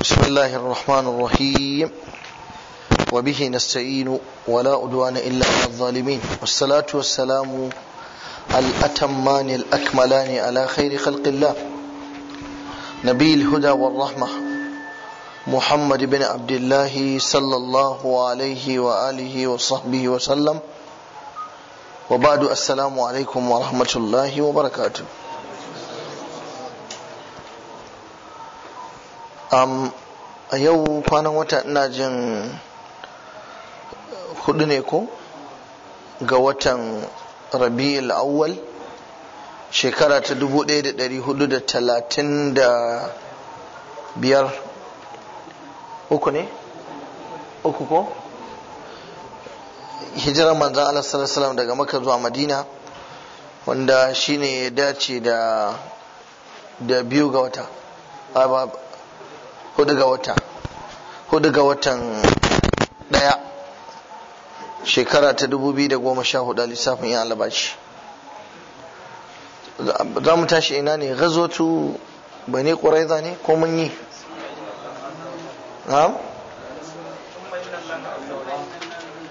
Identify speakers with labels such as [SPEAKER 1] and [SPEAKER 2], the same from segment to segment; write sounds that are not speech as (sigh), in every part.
[SPEAKER 1] بسم الله الرحمن الرحيم وبه نستعين ولا أدوان إلا على الظالمين والصلاة والسلام الأتمان الأكملان على خير خلق الله نبي الهدى والرحمة محمد بن عبد الله صلى الله عليه وآله وصحبه وسلم وبعد السلام عليكم ورحمة الله وبركاته um, a yau kwanan wata ina jin hudu ne ko ga watan rabi'ul awwal shekara ta 1435 uku ne uku ko hijirar manzan Allah daga maka zuwa madina wanda shine ya dace da biyu ga wata hudu ga wata hudu ga watan daya shekara ta dubu biyu da goma sha hudu lissafin ya alabashi za mu tashi ina ne gazotu bane ƙuraiza ne ko mun yi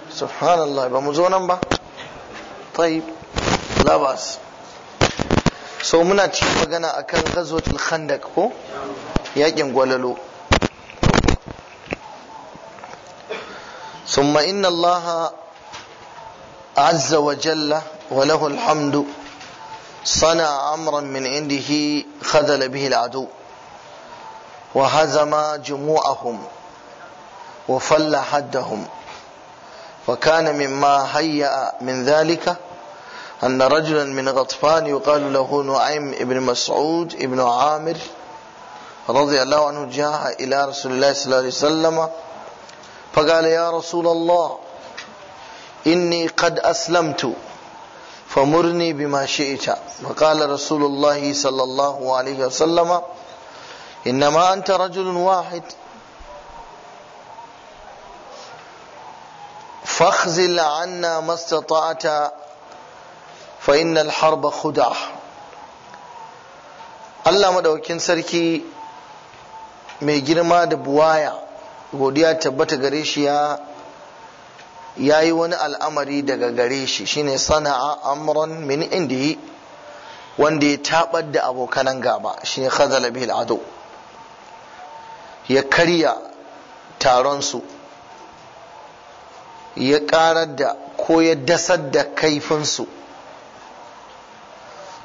[SPEAKER 1] subhanallah ba mu zo nan ba tai labas so muna cikin magana akan gazotul khandak ko yakin gwalalo ثم إن الله عز وجل وله الحمد صنع أمرا من عنده خذل به العدو وهزم جموعهم وفل حدهم وكان مما هيأ من ذلك أن رجلا من غطفان يقال له نعيم بن مسعود بن عامر رضي الله عنه جاء إلى رسول الله صلى الله عليه وسلم فقال يا رسول الله إني قد أسلمت فمرني بما شئت فقال رسول الله صلى الله عليه وسلم إنما أنت رجل واحد فاخزل عنا ما استطعت فإن الحرب خدع Allah madaukin sarki mai girma da buwaya godiya tabbata gare shi ya ya yi wani al'amari daga gare shi shine sana'a amran min yi. wanda ya tabar da abokanan gaba shine khazala bihi al'adu ya karya taron su ya karar da ko ya dasar da kaifinsu?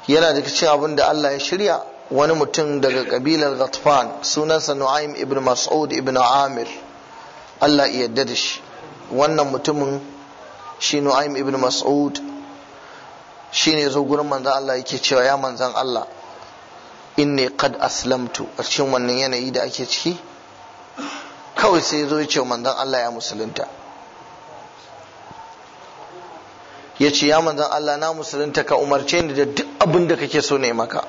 [SPEAKER 1] yana da cikin abin da Allah ya shirya wani mutum daga kabilar ghatfan sunansa nu'aym ibn mas'ud ibn amir Allah ya yarda da shi wannan mutumin shi nu'aym ibn mas'ud shi ne zo gurin manzan Allah yake cewa ya manzan Allah inni qad aslamtu a cikin wannan yanayi da ake ciki kawai sai zo ya ce manzan Allah ya musulunta ya ce ya manzan Allah na musulunta ka umarce ni da duk abin da kake so ne maka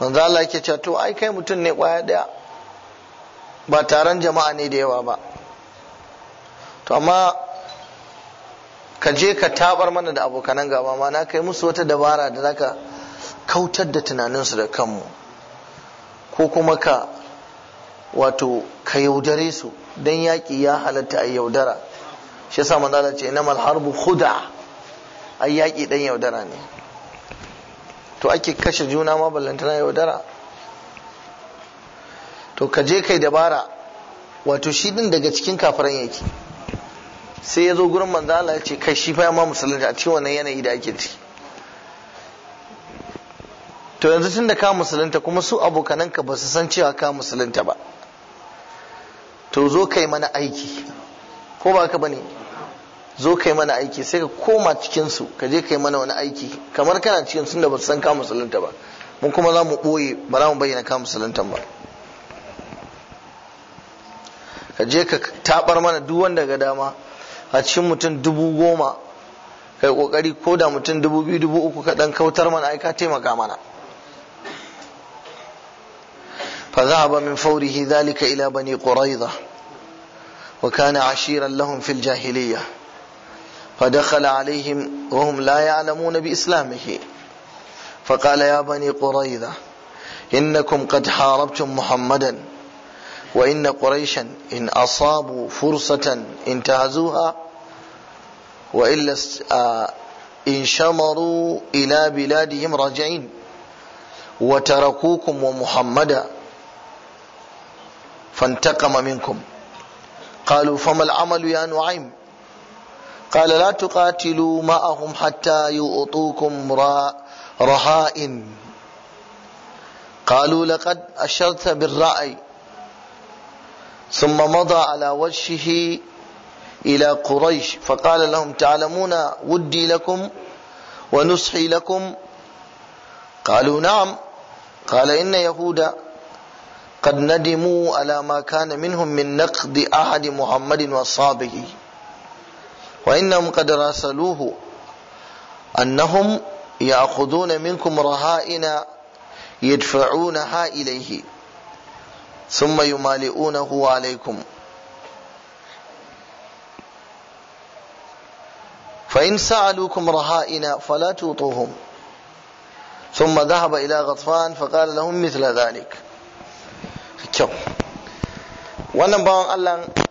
[SPEAKER 1] manzo Allah yake cewa to ai kai mutum ne kwaya daya ba taron jama'a ne da yawa ba to amma ka je ka tabar mana da abokanan gaba ma na kai musu wata dabara da zaka kautar da tunaninsu da kanmu ko kuma ka wato ka yaudare su dan yaƙi ya halatta a yaudara shi yasa manzo Allah ce inamal harbu khuda ai yaƙi dan yaudara ne to ake kashe juna ma ballantana yaudara to ka je kai dabara wato shi din daga cikin kafiran yake sai ya zo gurin manzo Allah ya ce kai shi fa ma musulunci a cikin wannan yanayi da ake ciki to yanzu tunda ka musulunta kuma su abokananka ba su san cewa ka musulunta ba to zo kai mana aiki ko ba ka bane zo kai mana aiki sai ka koma cikin su ka je kai mana wani aiki kamar kana cikin sun da ba san ka musulunta ba mun kuma za mu ɓoye ba za mu bayyana ka musulunta ba ka je ka tabar mana duk wanda ga dama a cikin mutum dubu goma kai kokari ko da mutum dubu biyu dubu uku ka dan kautar mana ai ka taimaka mana fa zahaba min fawrihi dhalika ila bani quraidah wa kana ashiran lahum fil jahiliyyah فدخل عليهم وهم لا يعلمون بإسلامه فقال يا بني قريظة إنكم قد حاربتم محمدا وإن قريشا إن أصابوا فرصة انتهزوها وإلا إن شمروا إلى بلادهم راجعين وتركوكم ومحمدا فانتقم منكم قالوا فما العمل يا نعيم قال لا تقاتلوا معهم حتى يؤطوكم رهائن قالوا لقد أشرت بالرأي ثم مضى على وجهه إلى قريش فقال لهم تعلمون ودي لكم ونصحي لكم قالوا نعم قال إن يهود قد ندموا على ما كان منهم من نقد أحد محمد وصابه وإنهم قد راسلوه أنهم يأخذون منكم رهائن يدفعونها إليه ثم يمالئونه عليكم فإن سألوكم رهائن فلا توطوهم ثم ذهب إلى غطفان فقال لهم مثل ذلك kyau wannan bawan Allah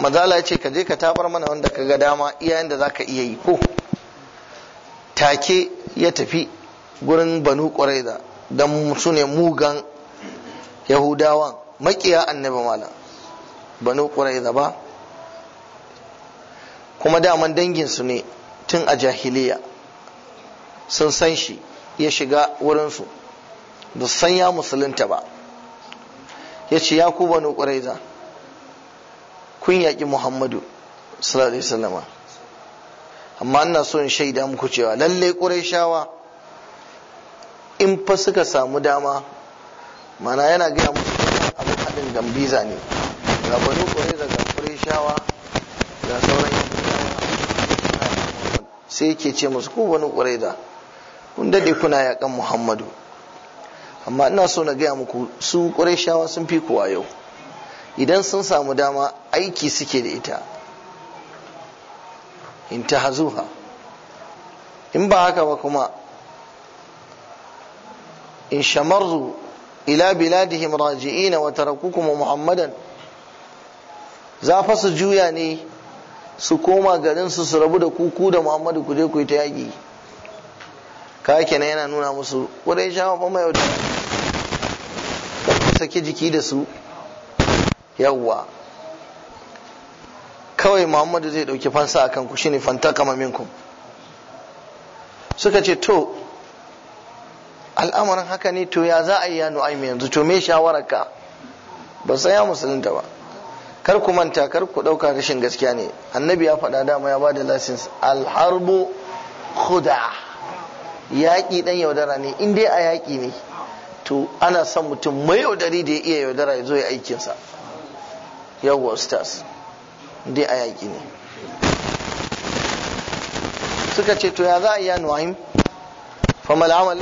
[SPEAKER 1] mazala ce ka je ka tabar mana wanda ka ga dama iyayen da za ka iya yi ko take ya tafi gurin banu da don su ne mugan yahudawan makiya annabi mala banu da ba kuma daman danginsu ne tun a jahiliya sun san shi ya shiga wurinsu da san ya musulunta ba ya ce ya ku banu da kun yaƙi muhammadu sallallahu alaihi amma ina so in shaida muku cewa lallai ƙurayshawa in fa suka samu dama mana yana gaya musu abin haɗin gambiza ne ga banu ƙurayza ga ƙurayshawa ga sauran sai yake ce musu ko banu da kun dade kuna yaƙan muhammadu amma ina so na gaya muku su ƙurayshawa sun fi kuwa yau idan sun samu dama aiki suke da ita in ta hazuha in ba haka ba kuma in shamarzu ila biladihim raji'ina wa tarakukum muhammadan za fa su juya ne su koma garin su su rabu da kuku da muhammadu ku je ku yi ta yaƙi ka kenan yana nuna musu wadai shawa ba mai saki jiki da su yawwa kawai muhammadu zai ɗauki fansa a kanku shine kama minkum suka ce to al'amarin haka ne to ya za a yi ya nu'aimi yanzu to me shawararka ba sai ya musulunta ba kar ku manta kar ku ɗauka rashin gaskiya ne annabi ya faɗa dama ya bada lasins alharbu khuda yaƙi ɗan yaudara ne in dai a yaƙi ne to ana son mutum mai yaudari da ya iya yaudara ya zo ya aikinsa yawwa ustaz dai a yaƙi ne suka ce to ya za a yi ya nu'aim famal amal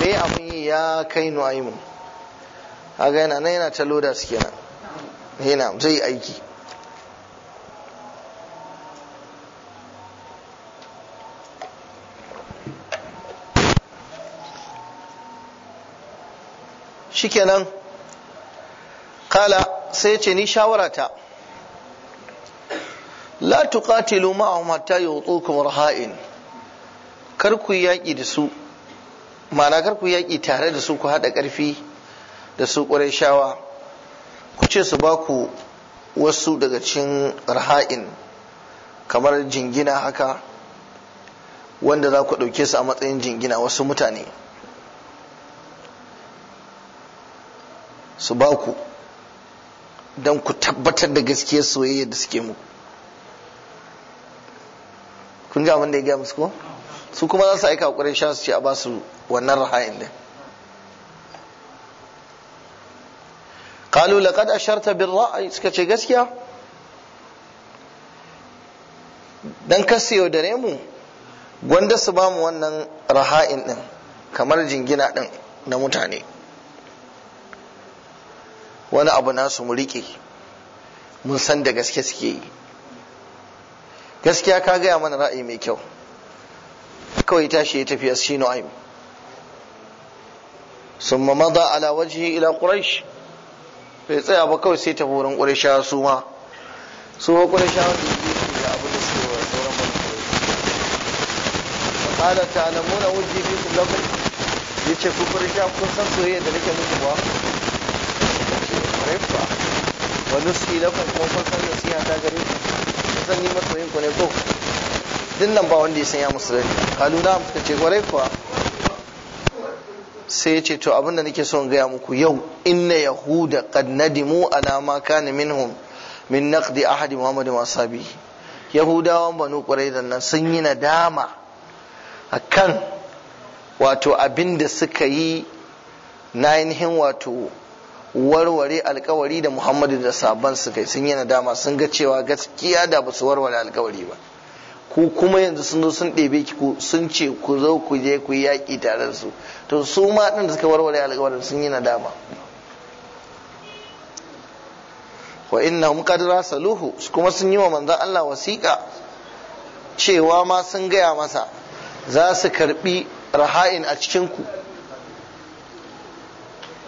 [SPEAKER 1] me abin yi ya kai a ga yana yana ta loda su kenan yana zai aiki shikenan kala sai ya ce ni shawarata la tuqatilu ma'ahum hatta yutukum raha'in kar ku yaki da su ma'ana kar ku yaki tare da su ku haɗa karfi da su shawa ku ce su ba ku wasu daga cikin raha'in kamar jingina haka wanda za ku ɗauke su a matsayin jingina wasu mutane su ba ku don ku tabbatar da gaskiyar soyayya da suke muku kun ga wanda ya gaya musu ko su kuma za su aika ƙurai sha su ce a basu wannan raha'in din kalu laqad asharta bin ra'ayi suka ce gaskiya dan siyo yaudare mu gwanda su bamu wannan raha'in din kamar jingina din na mutane wani abu nasu mu riƙe mun san da gaske suke yi gaskiya ka gaya mana ra'ayi mai kyau kawai tashi ya tafi shi nu'aim sun maza ala wajhi ila quraish bai tsaya ba kawai sai tafi wurin qurayshawa su ma su ma qurayshawa da su da abu da su wa sauran mutane alamuna ta'lamuna wajhi fikum Ya ce ku qurayshawa kun san soyayya da nake muku ba yaffa wa nuski lakum kuma kun nasiha ta gare ku kun san ni masoyin ku ne ko din nan ba wanda ya san ya musulunci kalu na suka ce gwarai kuwa sai ya ce to abin da nake son gaya muku yau inna yahuda qad nadimu ala ma kana minhum min naqdi ahadi muhammadin wa sabi yahudawan banu da nan sun yi nadama akan wato abin da suka yi na ainihin wato warware alkawari da muhammadu da sabon su kai sun yi nadama sun ga cewa gaskiya da ba su warware alkawari ba ku kuma yanzu sun zo sun ɗebe ki ku sun ce ku zo ku je ku yi yaƙi tare da su to su ma ɗin da suka warware alkawarin sun yi nadama wa innahum qad rasaluhu kuma sun yi wa manzon Allah wasiƙa cewa ma sun gaya masa za su karbi raha'in a cikin ku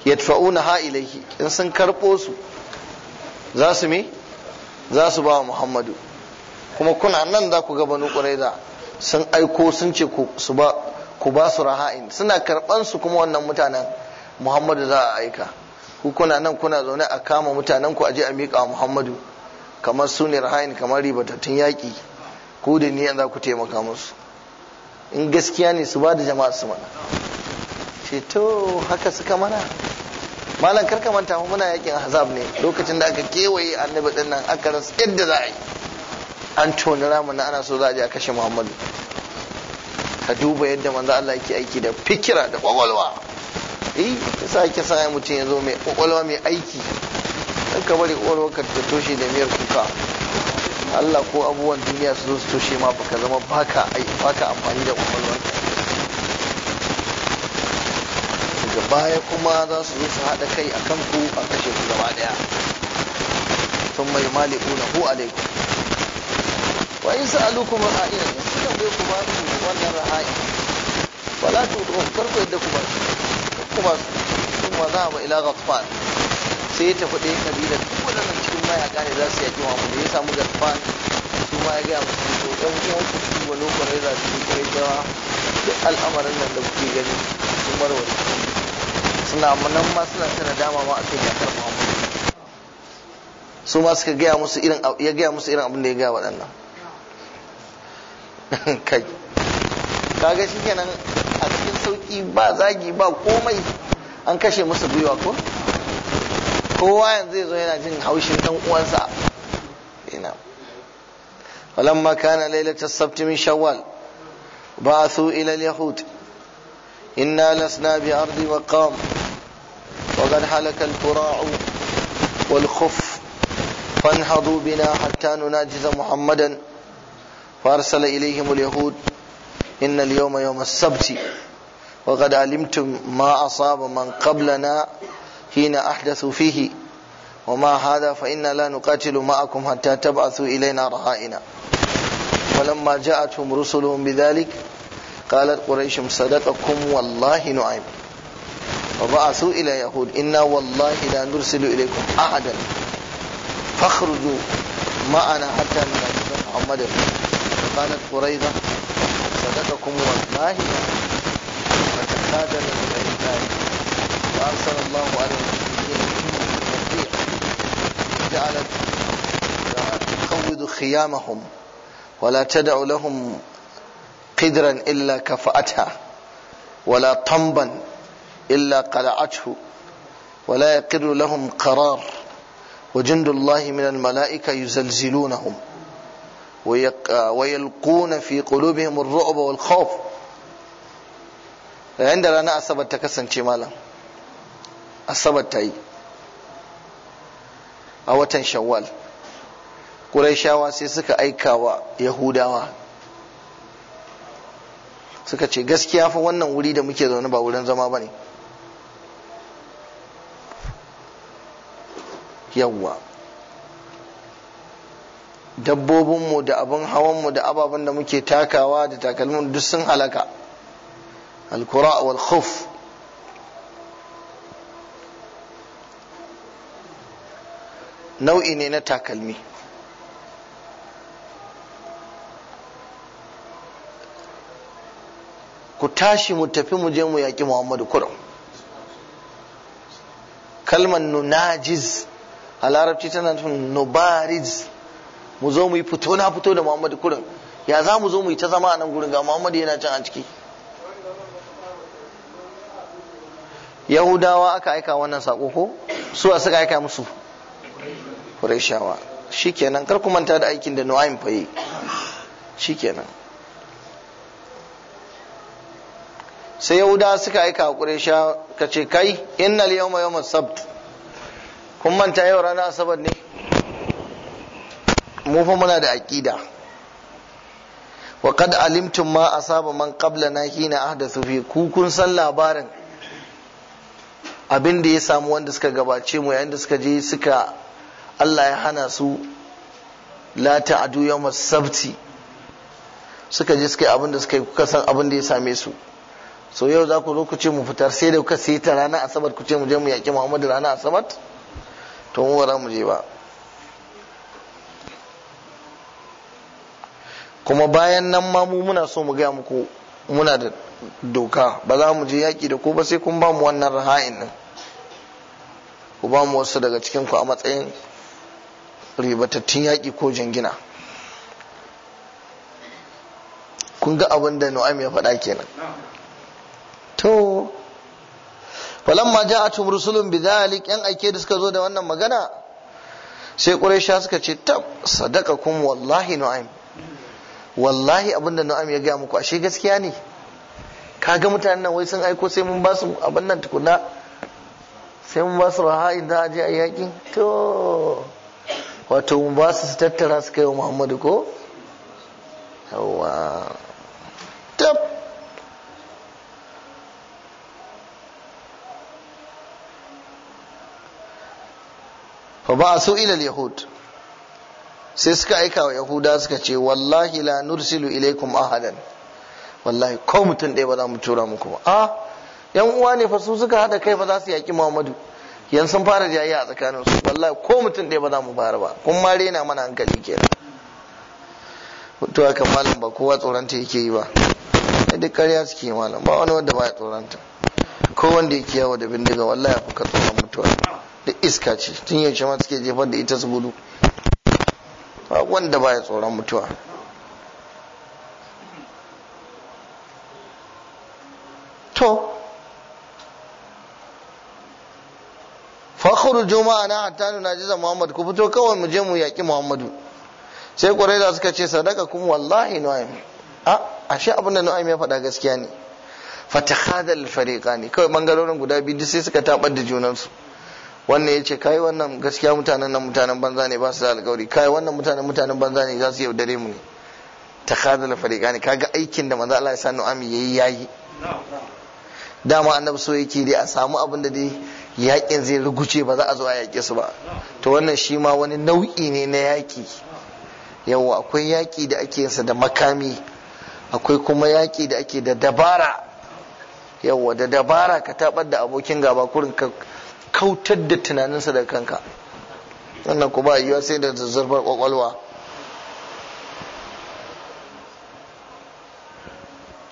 [SPEAKER 1] yadfa'una ha ilaihi in sun karbo su za su me za su ba muhammadu kuma kuna nan za ku ga banu da sun aiko sun ce ku ba su raha'in suna karbansu su kuma wannan mutanen muhammadu za a aika ku kuna nan kuna zaune a kama mutanen ku aje a miƙa muhammadu kamar su ne raha'in kamar ribatattun yaƙi ku da niyan za ku taimaka musu in gaskiya ne su ba da jama'a su mana to haka suka mana malam karka manta mu muna yakin azab ne lokacin da aka kewaye annabi din nan aka rasa yadda za a yi an toni ramu na ana so za a je a kashe muhammadu ka duba yadda manzo Allah yake aiki da fikira da kwakwalwa eh yasa ake sa ya mutum ya zo mai kwakwalwa mai aiki dan ka bari kwakwalwa ka ta toshe da miyar kuka Allah ko abubuwan duniya su zo su toshe ma baka zama baka baka amfani da kwakwalwa daga baya kuma za su zo su haɗa kai a kanku a kashe ku gaba ɗaya sun mai maliku na hu alaikum wa in sa'alukum ra'ayin in sun bai ku ba su wannan ra'ayi wala tu karku yadda ku ba su ku ba su sun ma za mu ila gafan sai ya tafi ɗaya kabila duk waɗannan cikin mayaka ne za su yaƙi wa mu da ya samu gafan su ma ya gaya musu to ɗan uwanku banu ƙwararra kai gawa da al'amarin nan da kuke gani sun warware suna manan ma suna tana dama ma a kai jakar muhammadu su ma suka gaya musu irin ya gaya musu irin abin da ya gaya waɗannan (laughs) kai kaga shikenan a cikin sauki ba zagi ba komai an kashe musu gwiwa ko kowa yanzu zai zo yana jin haushin dan uwansa ina فلما كان ليلة السبت من شوال بعثوا إلى اليهود إنا لسنا بأرض وقام وقد حلك الكراع والخف فانهضوا بنا حتى نناجز محمدا فأرسل إليهم اليهود إن اليوم يوم السبت وقد علمتم ما أصاب من قبلنا حين أحدثوا فيه وما هذا فإنا لا نقاتل معكم حتى تبعثوا إلينا رهائنا فلما جاءتهم رسلهم بذلك قالت قريش صدقكم والله نعيم وبعثوا إلى يهود إنا والله لا نرسل إليكم أحدا فاخرجوا معنا حتى ننادي محمدا فقالت قريضة صدقكم والله فتكادر الإنسان وأرسل الله على المسلمين جعلت تخوض خيامهم ولا تدع لهم قدرا إلا كفأتها ولا طنبا إلا قلعته ولا يقر لهم قرار وجند الله من الملائكة يزلزلونهم ويلقون في قلوبهم الرعب والخوف yayin da rana asabar ta kasance malam asabar ta yi a watan shawwal ƙuraishawa sai suka aika wa yahudawa suka ce gaskiya fa wannan wuri da muke zaune ba wurin zama bane ne yawwa dabbobinmu da abin hawanmu da ababen da muke takawa da takalmin duk sun halaka alkura wal khuf nau'i ne na takalmi ku tashi mu tafi mu je mu yaƙi muhammadu kurum kalmar nunajiz a larabci tana nufin nubariz mu zo mu yi fito na fito da muhammadu kurum ya za mu zo mu yi ta zama a nan gurin ga muhammadu yana can a ciki yahudawa aka aika wannan sako ko su a suka aika musu Shi kenan, kar ku manta da aikin da Nu'aym fa yi kenan. sai yahuda suka aika a sha ka ce kai innal yawma yawma sabt kun manta yau ranar asabar ne mu fa muna da aqida wa qad alimtum ma asaba man qablana hina ahdathu fi ku kun san labarin abin da ya samu wanda suka gabace mu yayin da suka je suka Allah ya hana su la ta'du yawmas sabti suka je suka yi abin da suka yi kuka san abin da ya same su so yau za ku zo ku ce mu fitar sai da kuka sai ta rana asabar ku ce mu je mu yaƙi muhammadu rana asabar to mu ba mu je ba kuma bayan nan ma muna so mu gaya muku muna da doka ba za mu je yaƙi da ku ba sai kun ba mu wannan raha'in nan ku ba mu wasu daga cikin ku a matsayin ribatattun yaƙi ko jingina kun ga abin da nu'am ya faɗa kenan ma ja'atuhum rusulun bidhalik yan aike da suka zo da wannan magana sai quraisha suka ce tab sadaqakum wallahi nu'aim wallahi abinda nu'aim ya ga muku ashe gaskiya ne kaga mutanen nan wai sun aiko sai mun ba su abin nan tukuna sai mun ba su raha'in da aje a yakin to wato mun ba su su tattara su kai wa muhammadu ko yawwa fa ba su ila yahud sai suka aika wa yahuda suka ce wallahi la nursilu ilaikum ahadan wallahi ko mutum ɗaya ba za mu tura muku ba a ah, yan uwa ne fa su suka haɗa kai ba za su yaki muhammadu yan sun fara jayayya a tsakanin su wallahi ko mutum ɗaya ba za mu fara ba kun ma rena mana hankali kenan to haka malam ba kowa tsoronta yake yi ba duk ƙarya suke malam ba wani wanda ba ya tsoronta ko wanda yake yawo da bindiga wallahi ya fuka tsoron mutuwa da iska ce tun yaushe ma suke jefar da ita su gudu wanda baya tsoron mutuwa to fakhru juma'a na hatta najiza muhammad ku fito kawai mu je mu yaki muhammadu sai da suka ce sadaka kum wallahi nu'aym a ashe abin da nu'aym ya faɗa gaskiya ne fatakhadha al ne? kawai bangarorin guda biyu sai suka tabar da junansu wannan ya ce kai wannan gaskiya mutanen nan mutanen banza ne ba su da alkawari kai wannan mutanen mutanen banza ne za su yaudare mu ne ta khadala fariqani kaga aikin da manzo Allah ya sa Nu'ami yayi yayi dama annabi so yake dai a samu abin da dai yakin zai ruguce ba za a zo a yaƙi su ba to wannan shi ma wani nau'i ne na yaƙi yawa akwai yaƙi da ake yinsa da makami akwai kuma yaƙi da ake da dabara yawa da dabara ka tabar da abokin gaba kurin ka kautar da tunaninsa daga kanka wannan ku ba yiwa sai da zazzarbar kwakwalwa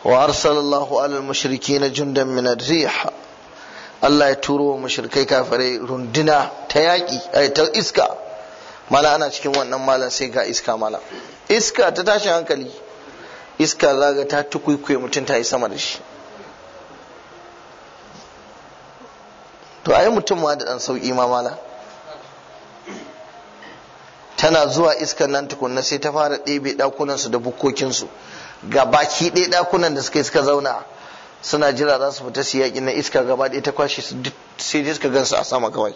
[SPEAKER 1] wa arsalallahu alal mashirki na jundan min Allah ya turo wa mashirkai kafirai runduna ta yaƙi eh, ta iska mala ana cikin wannan malam sai ga iska mala iska ta tashin hankali iska zaga ta tukwikwe mutum ta yi sama da shi to ai mutum ma da ɗan sauƙi ma tana zuwa iskan nan tukunna sai ta fara ɗebe ɗakunansu da bukkokinsu ga baki ɗaya ɗakunan da suka suka zauna suna jira za su fita su yaƙi na iska gaba ɗaya ta kwashe sai dai suka gansu a sama kawai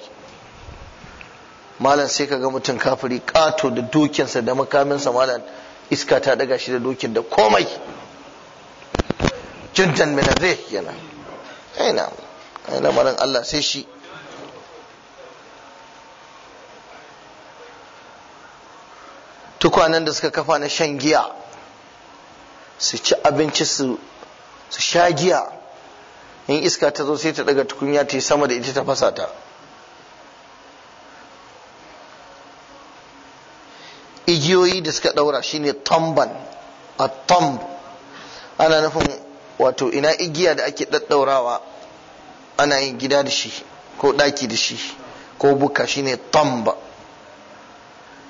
[SPEAKER 1] malam sai ka ga mutum kafiri ƙato da dokinsa da makaminsa malam iska ta ɗaga shi da dokin da komai Jintan mina zai yana ai lamarin Allah sai shi tukwanen da suka kafa na shan giya su ci abinci su sha giya in iska ta zo sai ta daga tukunya ta yi sama da ita ta fasa ta igiyoyi da suka daura shine tamban a tamb. ana nufin wato ina igiya da ake daddaurawa ana yin gida da shi ko ɗaki da shi ko buka ne tamba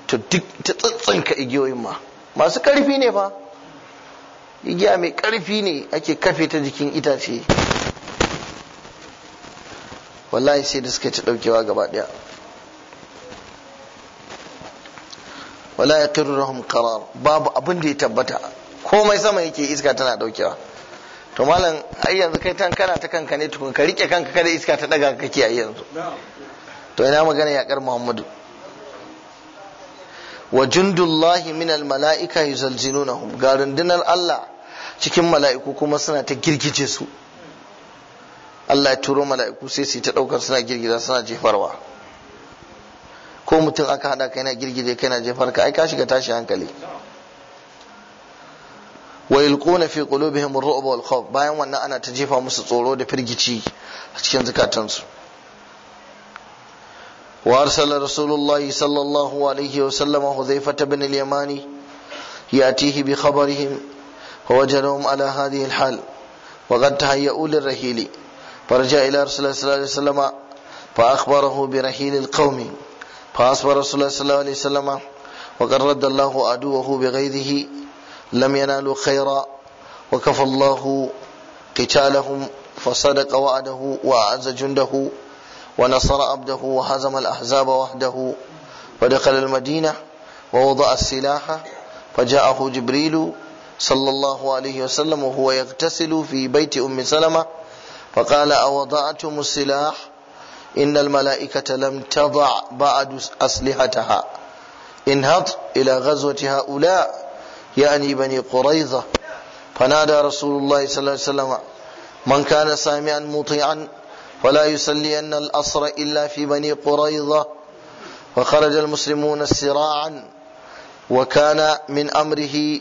[SPEAKER 1] to duk ta tsatsanka igiyoyin ma masu ƙarfi ne fa igiya mai karfi ne ake kafe ta jikin itace wallahi sai da suka ci ɗaukewa gaba daya wala ya kirrahum karar babu abin da ya tabbata komai sama yake iska tana ɗaukewa to malam ai yanzu kai tan kana ta kanka ne tukun ka rike kanka kada iska ta daga ka kiyaye yanzu to ina magana yakar muhammadu wa jundullahi min al mala'ika yuzalzinunahum ga rundunar Allah cikin mala'iku kuma suna ta girgije su Allah ya turo mala'iku sai su ta daukar suna girgiza suna jefarwa ko mutum aka hada kai na girgije kai na jefar ka ai ka shiga tashi hankali wa yulquna fi qulubihim ar wal bayan wannan ana ta jefa musu tsoro da firgici a cikin zukatansu wa arsala rasulullahi sallallahu alaihi wa sallama hudhayfa ibn al-yamani yatihi bi khabarihim wa wajadahum ala hadhihi al-hal wa rahili فرجع إلى رسول الله صلى الله عليه وسلم فأخبره برحيل القوم فأصبر رسول الله صلى الله عليه وسلم وقد رد الله عدوه بغيظه لم ينالوا خيرا وكفى الله قتالهم فصدق وعده وأعز جنده ونصر عبده وهزم الأحزاب وحده ودخل المدينة ووضع السلاح فجاءه جبريل صلى الله عليه وسلم وهو يغتسل في بيت أم سلمة فقال أوضعتم السلاح إن الملائكة لم تضع بعد أسلحتها انهض إلى غزوة هؤلاء يعني بني قريظة فنادى رسول الله صلى الله عليه وسلم من كان سامعا مطيعا فلا يسلين الأصر إلا في بني قريظة وخرج المسلمون سراعا وكان من أمره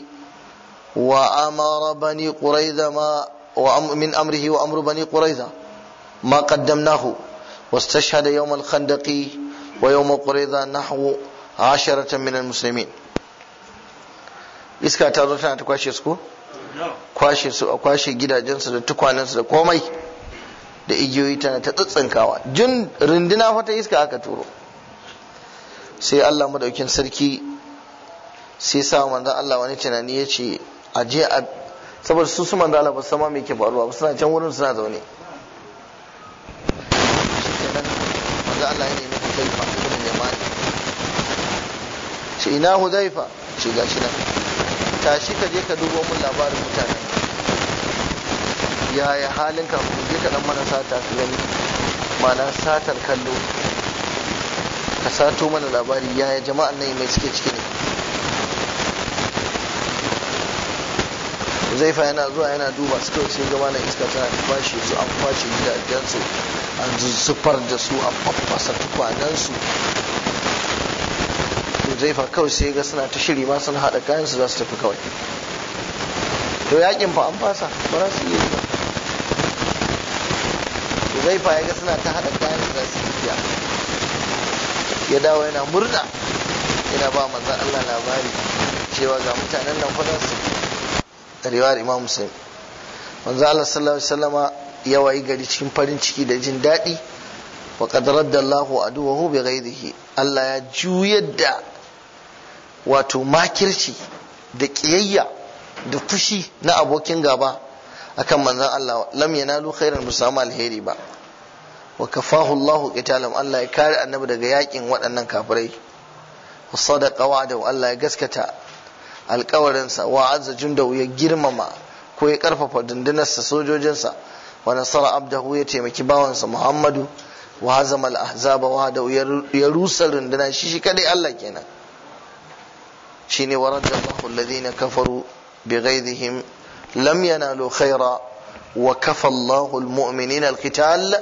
[SPEAKER 1] وأمر بني قريظة ما من أمره وأمر بني قريظة ما قدمناه واستشهد يوم الخندق ويوم قريظة نحو عشرة من المسلمين iska ta zo tana ta kwashe su ko kwashe su a kwashe gidajensu da tukwanensu da komai da igiyoyi tana ta tsatsinkawa jin rundina fata iska aka turo sai Allah madaukin sarki sai sa manzan Allah wani tunani ya ce a je a saboda su su manzan Allah ba sama mai ke faruwa ba suna can wurin suna zaune manzon Allah ya nemi Hudayfa ibn ce ina Hudayfa ce shi nan tashi ka je ka dubo mun labarin mutane yaya halin ka ku je ka dan mana sata ka gani mana satar kallo ka sato mana labari yaya jama'an nan mai suke ciki ne Zai fa yana zuwa yana duba su kawai sai gama na iska tana kwashe su an kwashe gidajensu an zuffar da su a fafasa tukwanensu fa kawai sai ga suna ta shiri ma suna haɗa kayan su za su tafi kawai to yakin fa an fasa ba za su iya yi ba zai fa ya ga suna ta haɗa kayan su za su yi ya dawo yana murna yana ba manzan Allah labari cewa ga mutanen nan fa su da riwayar Imam Muslim manzan Allah sallallahu alaihi wasallam ya wayi gari cikin farin ciki da jin daɗi wa qad radda Allahu aduwahu bi ghayrihi Allah ya juyar da wato makirci da ƙiyayya da fushi na abokin gaba akan manzon Allah lam yanalu khairan musama alheri ba wa kafahu Allahu qitalam Allah ya kare annabi daga yakin waɗannan kafirai wa sadaqa wa'dahu Allah ya gaskata alƙawarin sa wa azza junda ya girmama ko ya karfafa sa sojojin sa. wa nasara abdahu ya taimaki bawansa Muhammadu wa hazama al-ahzaba wa da ya rusa runduna shi shi kadai Allah kenan shine waradda Allahu alladhina kafaru bighaydihim lam yanalu khaira wa kafa Allahu almu'minina alqital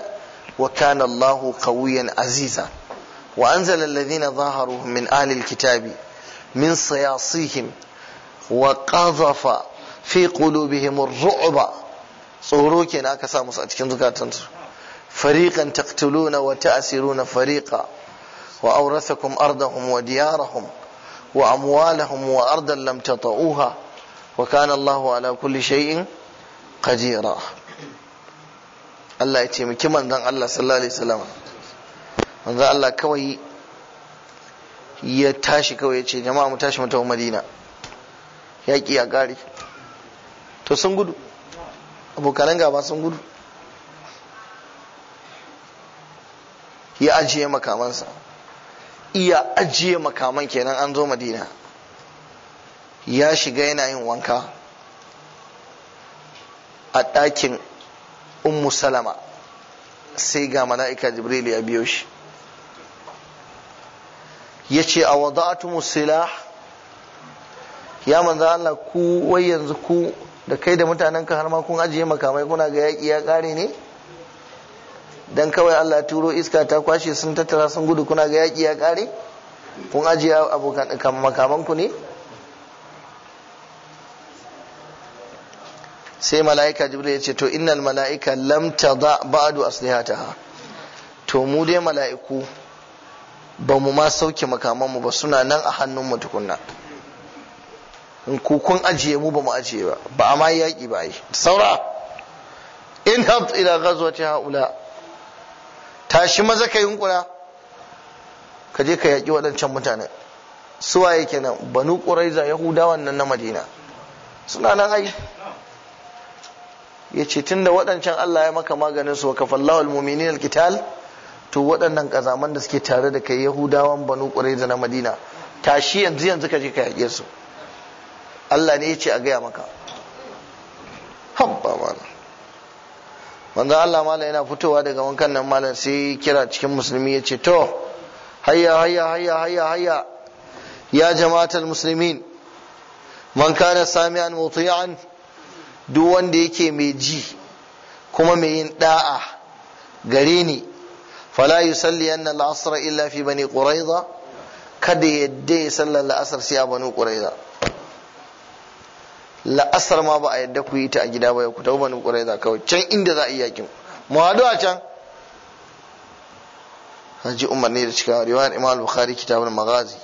[SPEAKER 1] wa kanallahu Allahu aziza wa anzala alladhina zaharuhum min ahli kitabi, min sayasihim wa ƙazafa fi qulubihim ar-ru'ba tsoro kenan aka sa musu a cikin zukatansu fariqan wata asiru na fariqa wa awrathakum ardahum wa diyarahum Wa wa وأموالهم وأرضا لم wa وكان Allahu ala kulli شيء قديرا Allah ya ce miki manzon Allah sallallahu alaihi wasallam manzon Allah kawai ya tashi kawai ya ce jama'a mu tashi mu tafi Madina yaƙi ya ƙare to sun gudu abokanan gaba sun gudu ya ajiye makamansa iya ajiye makaman kenan an zo madina ya shiga yana yin wanka a ɗakin ummu salama sai ga mala'ika jibril ya biyo shi ya ce a silah ya manza Allah ku wai yanzu ku da kai da mutanen ka har ma kun ajiye makamai kuna ga yaƙi ya ƙare ne dan kawai Allah turo iska ta kwashe sun tattara sun gudu kuna ga yaƙi ya ƙare kun a abokan makamanku ne sai mala'ika jibril ya ce to innal mala'ika lam tada ba'du aslihataha to mu dai mala'iku ba mu ma sauke makaman mu ba suna nan a hannun mu tukunna in ku kun ajiye mu ba mu ajiye ba ba a ma yaki ba yi saura in habt ila ghazwati haula tashi maza ka yi yunkura ka je ka yaƙi waɗancan mutane suwaye kenan banu ƙuraiza yahudawan nan na madina suna nan ai ya ce tun da waɗancan allah ya maka maganin su ka fallahu almuminin kital to waɗannan ƙazaman da suke tare da kai yahudawan banu ƙuraiza na madina tashi yanzu yanzu ka je ka yaƙe su allah ne ya ce a gaya maka habba mana manzo Allah mala yana fitowa daga wankan nan malam sai kira cikin musulmi ya ce to hayya hayya hayya hayya hayya ya jama'atul muslimin man kana sami'an muti'an duk wanda yake mai ji kuma mai yin da'a gare ni fala yusalli anna al-asr illa fi bani quraiza kada yadda ya sallar al-asr sai a bani quraiza la'asar ma ba a yadda ku yi ta a gida ba ku tafi ni ƙurai za kawai can inda za a yi yakin mu hadu a can haji umar ne da cika riwayar imam bukhari kitabul magazi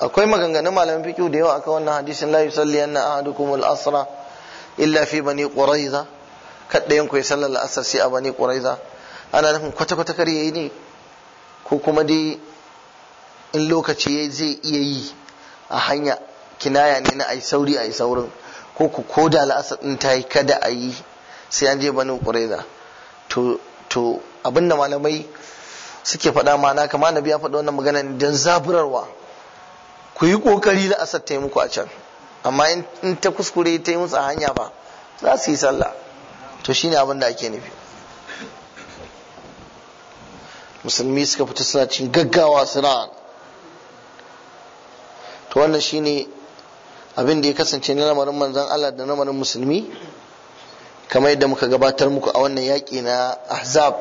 [SPEAKER 1] akwai maganganun malamin fiqh da yawa akan wannan hadisin la yusalli anna ahadukum al-asra illa fi bani quraiza kadda yanku ya sallar al-asr sai a bani quraiza ana nufin kwata kwata kar yayi ne ko kuma dai in lokaci ya zai iya yi a hanya kinaya ne na ai sauri ai saurin ko ku koda la'asar din ta yi kada a yi sai an je banu ƙureza to to abinda malamai suke faɗa mana kama na biya faɗa wannan magana ne don zaburarwa ku yi ƙoƙari la'asar ta yi muku a can amma in ta kuskure ta yi musu hanya ba za su yi sallah to shine abin da ake nufi musulmi suka fita suna cin gaggawa suna to wannan shine abin da ya kasance na lamarin manzon Allah da lamarin musulmi kamar yadda muka gabatar muku a wannan yaƙi na ahzab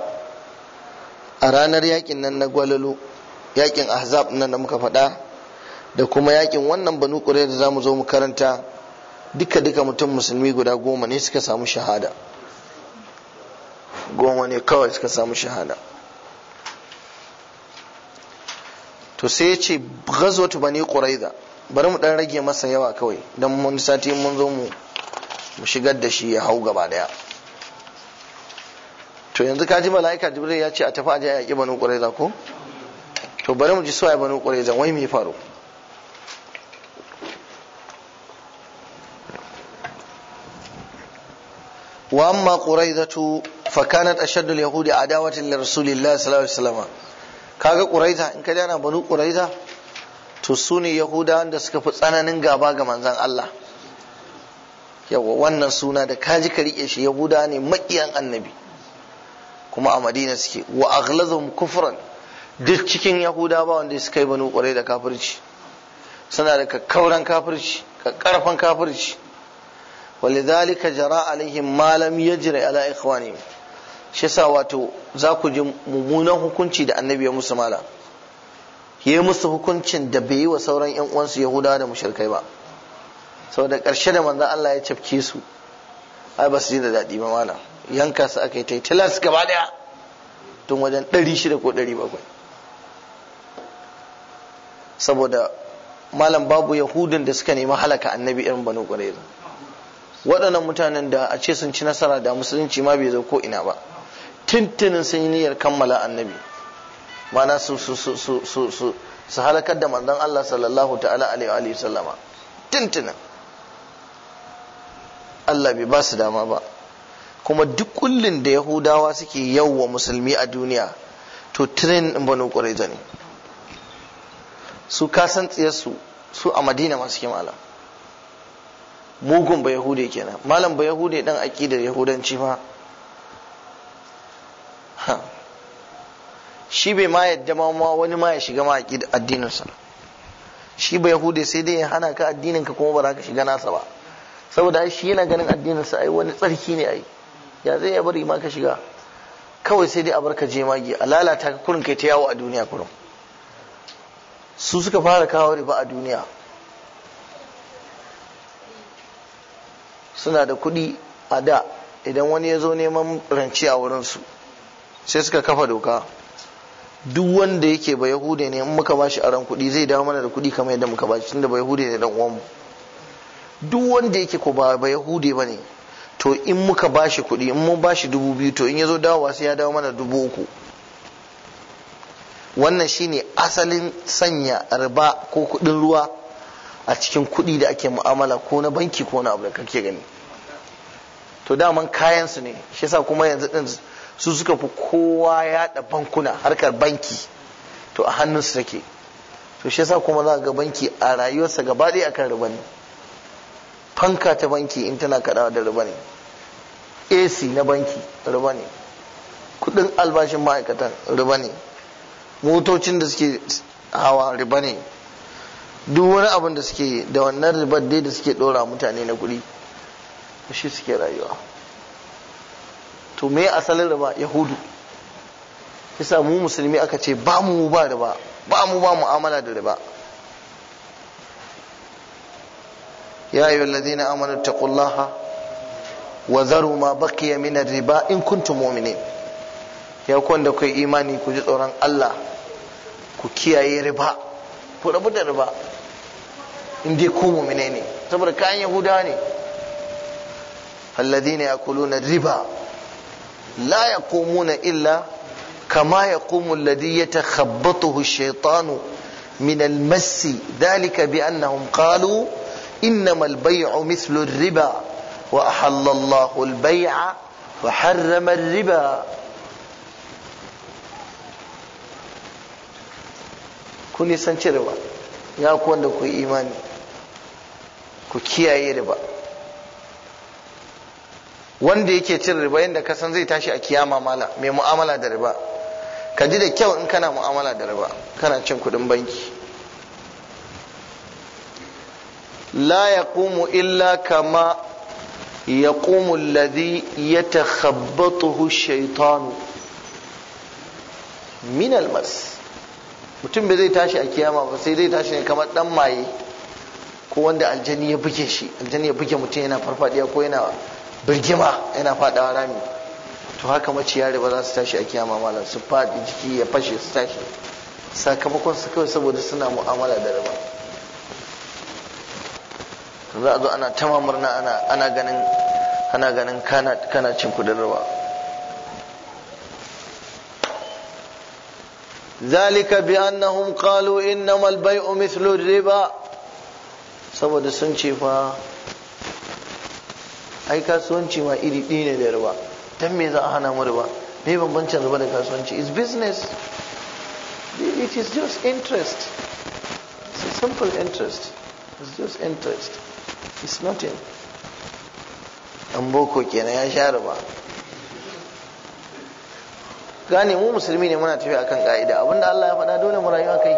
[SPEAKER 1] a ranar yaƙin nan na gwalalo yaƙin ahzab nan da muka faɗa da kuma yaƙin wannan banu ƙure da za mu zo mu karanta duka duka mutum musulmi guda goma ne suka samu shahada goma ne kawai suka samu shahada to sai ya ce ghazwatu bani quraiza bari mu dan rage masa yawa kawai dan mun sati mun zo mu mu shigar da shi ya hau gaba daya to yanzu ka ji mala'ika jibril ya ce a tafi aje a yaki bani quraiza ko to bari mu ji suwaye bani quraiza wai me faru واما قريضه فكانت اشد اليهود عداوه Yahudi adawatan lirrasulillahi sallallahu alaihi wasallam kaga ƙuraiza in ka dana banu ƙuraiza to su ne yahudawan da suka fi tsananin gaba ga manzan Allah yawa wannan suna da kaji ka riƙe shi yahuda ne maƙiyan annabi kuma a madina suke wa aghlazum kufran duk cikin yahuda ba wanda suka yi banu ƙurai da kafirci suna da kakkauran kafirci kakkarfan kafirci walidhalika jara alaihim ma lam yajri ala ikhwanihim shi sa wato za ku ji mummunan hukunci da annabi ya musu mala ya yi musu hukuncin da bai yi wa sauran yan uwansu yahuda da mushrikai ba saboda ƙarshe da manzon Allah ya cafke su ai ba su ji da daɗi ba mala yanka su aka yi ta tilas gaba daya tun wajen ɗari shida ko ɗari bakwai saboda malam babu yahudin da suka nemi halaka annabi irin banu waɗannan mutanen da a ce sun ci nasara da musulunci ma bai zo ko ina ba tintinin sun yi niyyar kammala annabi mana su su su su su su su halakar da manzon Allah sallallahu ta'ala alaihi wa sallama tintinin Allah bai ba su dama ba kuma duk kullun da yahudawa suke yawwa musulmi a duniya to tren din banu qurayza ne su kasan tsiyarsu su a madina masu ke malam mugun ba yahude kenan malam ba yahude dan aqidar yahudanci ba? shi bai ma yadda ma wani ma ya shiga ma addininsa shi bai yahude sai dai ya hana ka addinin ka kuma ba za ka shiga nasa ba saboda shi yana ganin addininsa ai wani tsarki ne ai ya zai ya bari ma ka shiga kawai sai dai a barka je magi a lalata ka kurin kai ta yawo a duniya kurin su suka fara kawo riba a duniya suna da kuɗi a da idan wani ya zo neman rance a wurinsu sai suka kafa doka duk wanda yake ba yahude ne in muka bashi aran kuɗi zai dawo mana da kuɗi kamar yadda muka bashi tunda ba yahude ne dan uwanmu duk wanda yake ko ba ba yahude bane to in muka bashi kuɗi in mun bashi dubu biyu to in ya zo dawo sai ya dawo mana dubu uku wannan shine asalin sanya riba ko kuɗin ruwa a cikin kuɗi da ake mu'amala ko na banki ko na abu da kake gani to daman kayan su ne shi yasa kuma yanzu din su suka fi kowa yaɗa bankuna harkar banki to a hannunsu take to shi yasa kuma za ga banki a rayuwarsa gaba ɗaya akan riba ne fanka ta banki in tana kaɗawa da riba ne ac na banki riba ne kudin albashin ma'aikatan riba ne motocin da suke hawa riba ne duk wani abin da suke da wannan ribar dai da suke ɗora mutane na kuɗi shi suke rayuwa to me asalin riba yahudu yasa mu musulmi aka ce ba mu ba riba ba mu ba mu'amala da riba ya yi ayyuhal ladina amanu kullaha, wa zaru ma ya mina riba in kuntum mu'minin ya ku kai imani ku ji tsoron Allah ku kiyaye riba ku rabu da riba in dai ku mu'mine ne saboda kayan yahudawa ne ya kulu na riba لا يقومون إلا كما يقوم الذي يتخبطه الشيطان من المس ذلك بأنهم قالوا إنما البيع مثل الربا وأحل الله البيع وحرم الربا كوني nisanci riba ya ku wanda ku imani ku kiyaye wanda yake cin riba yadda ka san zai tashi a kiyama mala mai mu'amala da riba ka ji da kyau in kana mu'amala da riba kana cin kuɗin banki la kumu illa kama Ladi ya ta alladhi yatakhabbathu shaitanu. min almas mutum bai zai tashi a kiyama ba sai zai tashi ne kamar dan maye ko wanda aljani ya buge shi aljani ya buge mutum yana farfadiya ko yana birgima yana faɗawa rami to haka maciya riba za su tashi a kiyama malam su faɗi jiki ya fashe su tashi sakamakon su kawai saboda suna mu'amala da riba to za a zo ana tama murna ana ganin ana ganin kana cin kudin riba ذلك بأنهم قالوا إنما البيع مثل الربا saboda sun ce fa ai kasuwanci ma iri ɗi ne da riba dan me za a hana mu riba me bambancin riba da kasuwanci is business it is just interest it's a simple interest it's just interest it's nothing an boko kenan ya sha riba gane mu musulmi ne muna tafiya akan ka'ida abinda Allah ya faɗa dole mu rayu akai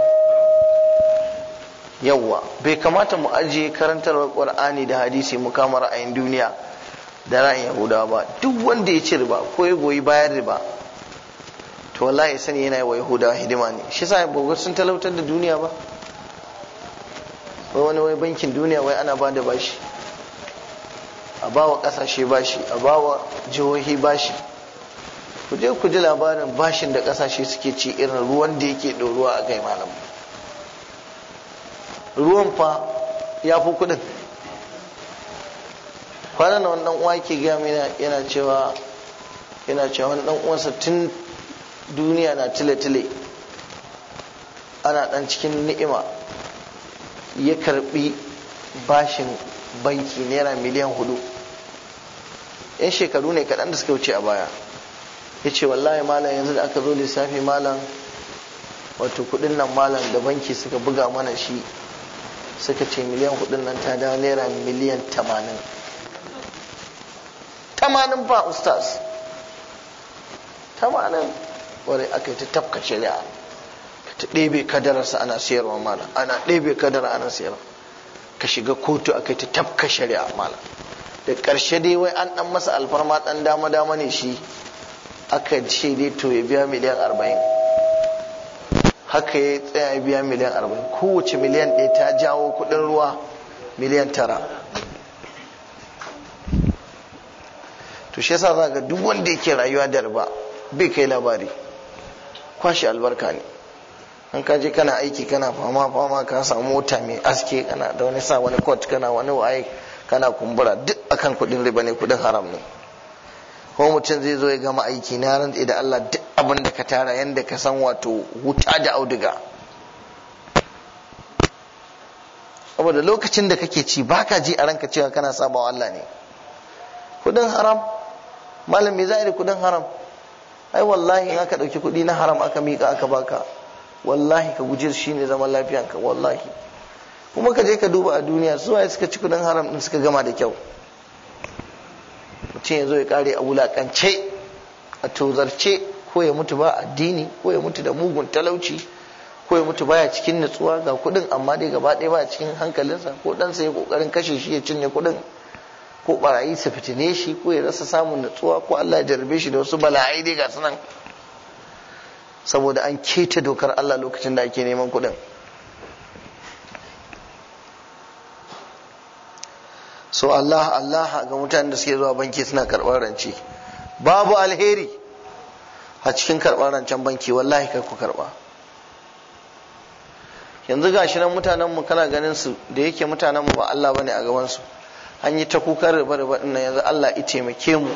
[SPEAKER 1] yawwa bai kamata mu ajiye karantarwar ƙwar'ani da hadisi mu kama ra'ayin duniya da ra'ayin yahudawa ba duk wanda ya ci riba ko ya goyi bayan riba to wallahi sani yana yi wa yahudawa hidima ne shi sa ba sun talautar da duniya ba wai wani wai bankin duniya wai ana ba da bashi a ba wa kasashe bashi a ba wa jihohi bashi ku je ku ji labarin bashin da kasashe suke ci irin ruwan da yake ɗoruwa a kai malam ruwan fa ya fi kuɗin kwanan na wannan uwa ke gaya mina yana cewa yana cewa wani dan uwansa tun duniya na tile-tile ana dan cikin ni'ima ya karbi bashin banki naira miliyan hudu yan shekaru ne kaɗan da suka wuce a baya ya ce wallahi malam yanzu da aka zo lissafi malam wato kudin nan malam da banki suka buga mana shi suka ce miliyan hudun nan ta dawo naira miliyan tamanin tamanin ba ustaz tamanin wani aka yi ta tafka shari'a ta ɗebe kadararsa ana sayarwa mala ana ɗebe kadara ana sayarwa ka shiga kotu aka yi ta tafka shari'a mala da ƙarshe dai wai an ɗan masa alfarma ɗan dama dama ne shi aka ce dai to ya biya miliyan arba'in haka ya tsaya ya biya miliyan arba'in kowace miliyan ɗaya ta jawo kuɗin ruwa miliyan tara to shi yasa za duk wanda yake rayuwa da riba bai kai labari kwashe albarka ne an ka je kana aiki kana fama fama ka samu mota mai aske kana da wani sa wani court kana wani waye kana kumbura duk akan kudin riba ne kudin haram ne ko mutum zai zo ya gama aiki na ran da Allah duk abin da ka tara yanda ka san wato wuta da auduga saboda lokacin da kake ci baka ji a ranka cewa kana sabawa Allah ne kudin haram malam me za a kudin haram ai wallahi in aka dauki kudi na haram aka mika aka baka wallahi ka guje shi ne zaman ka, wallahi kuma ka je ka duba a duniya su waye suka ci kudin haram din suka gama da kyau mutum ya ya kare a wulakance a tozarce ko ya mutu ba addini ko ya mutu da mugun talauci ko ya mutu baya cikin nutsuwa ga kudin amma dai gaba ɗaya baya cikin hankalinsa ko ɗansa ya kokarin kashe shi ya cinye kudin ko barayi su fitine shi ko ya rasa samun natsuwa ko Allah ya jarbe shi da wasu bala'ai dai ga sunan saboda an keta dokar Allah lokacin da ake neman kuɗin so Allah Allah ga mutanen da suke zuwa banki suna karɓar rance babu alheri a cikin karɓar rancen banki wallahi kar ku karɓa yanzu gashi nan mutanen mu kana ganin su da yake mutanen mu ba Allah bane a gaban su an yi ta kukan riba riba din nan yanzu Allah ya taimake mu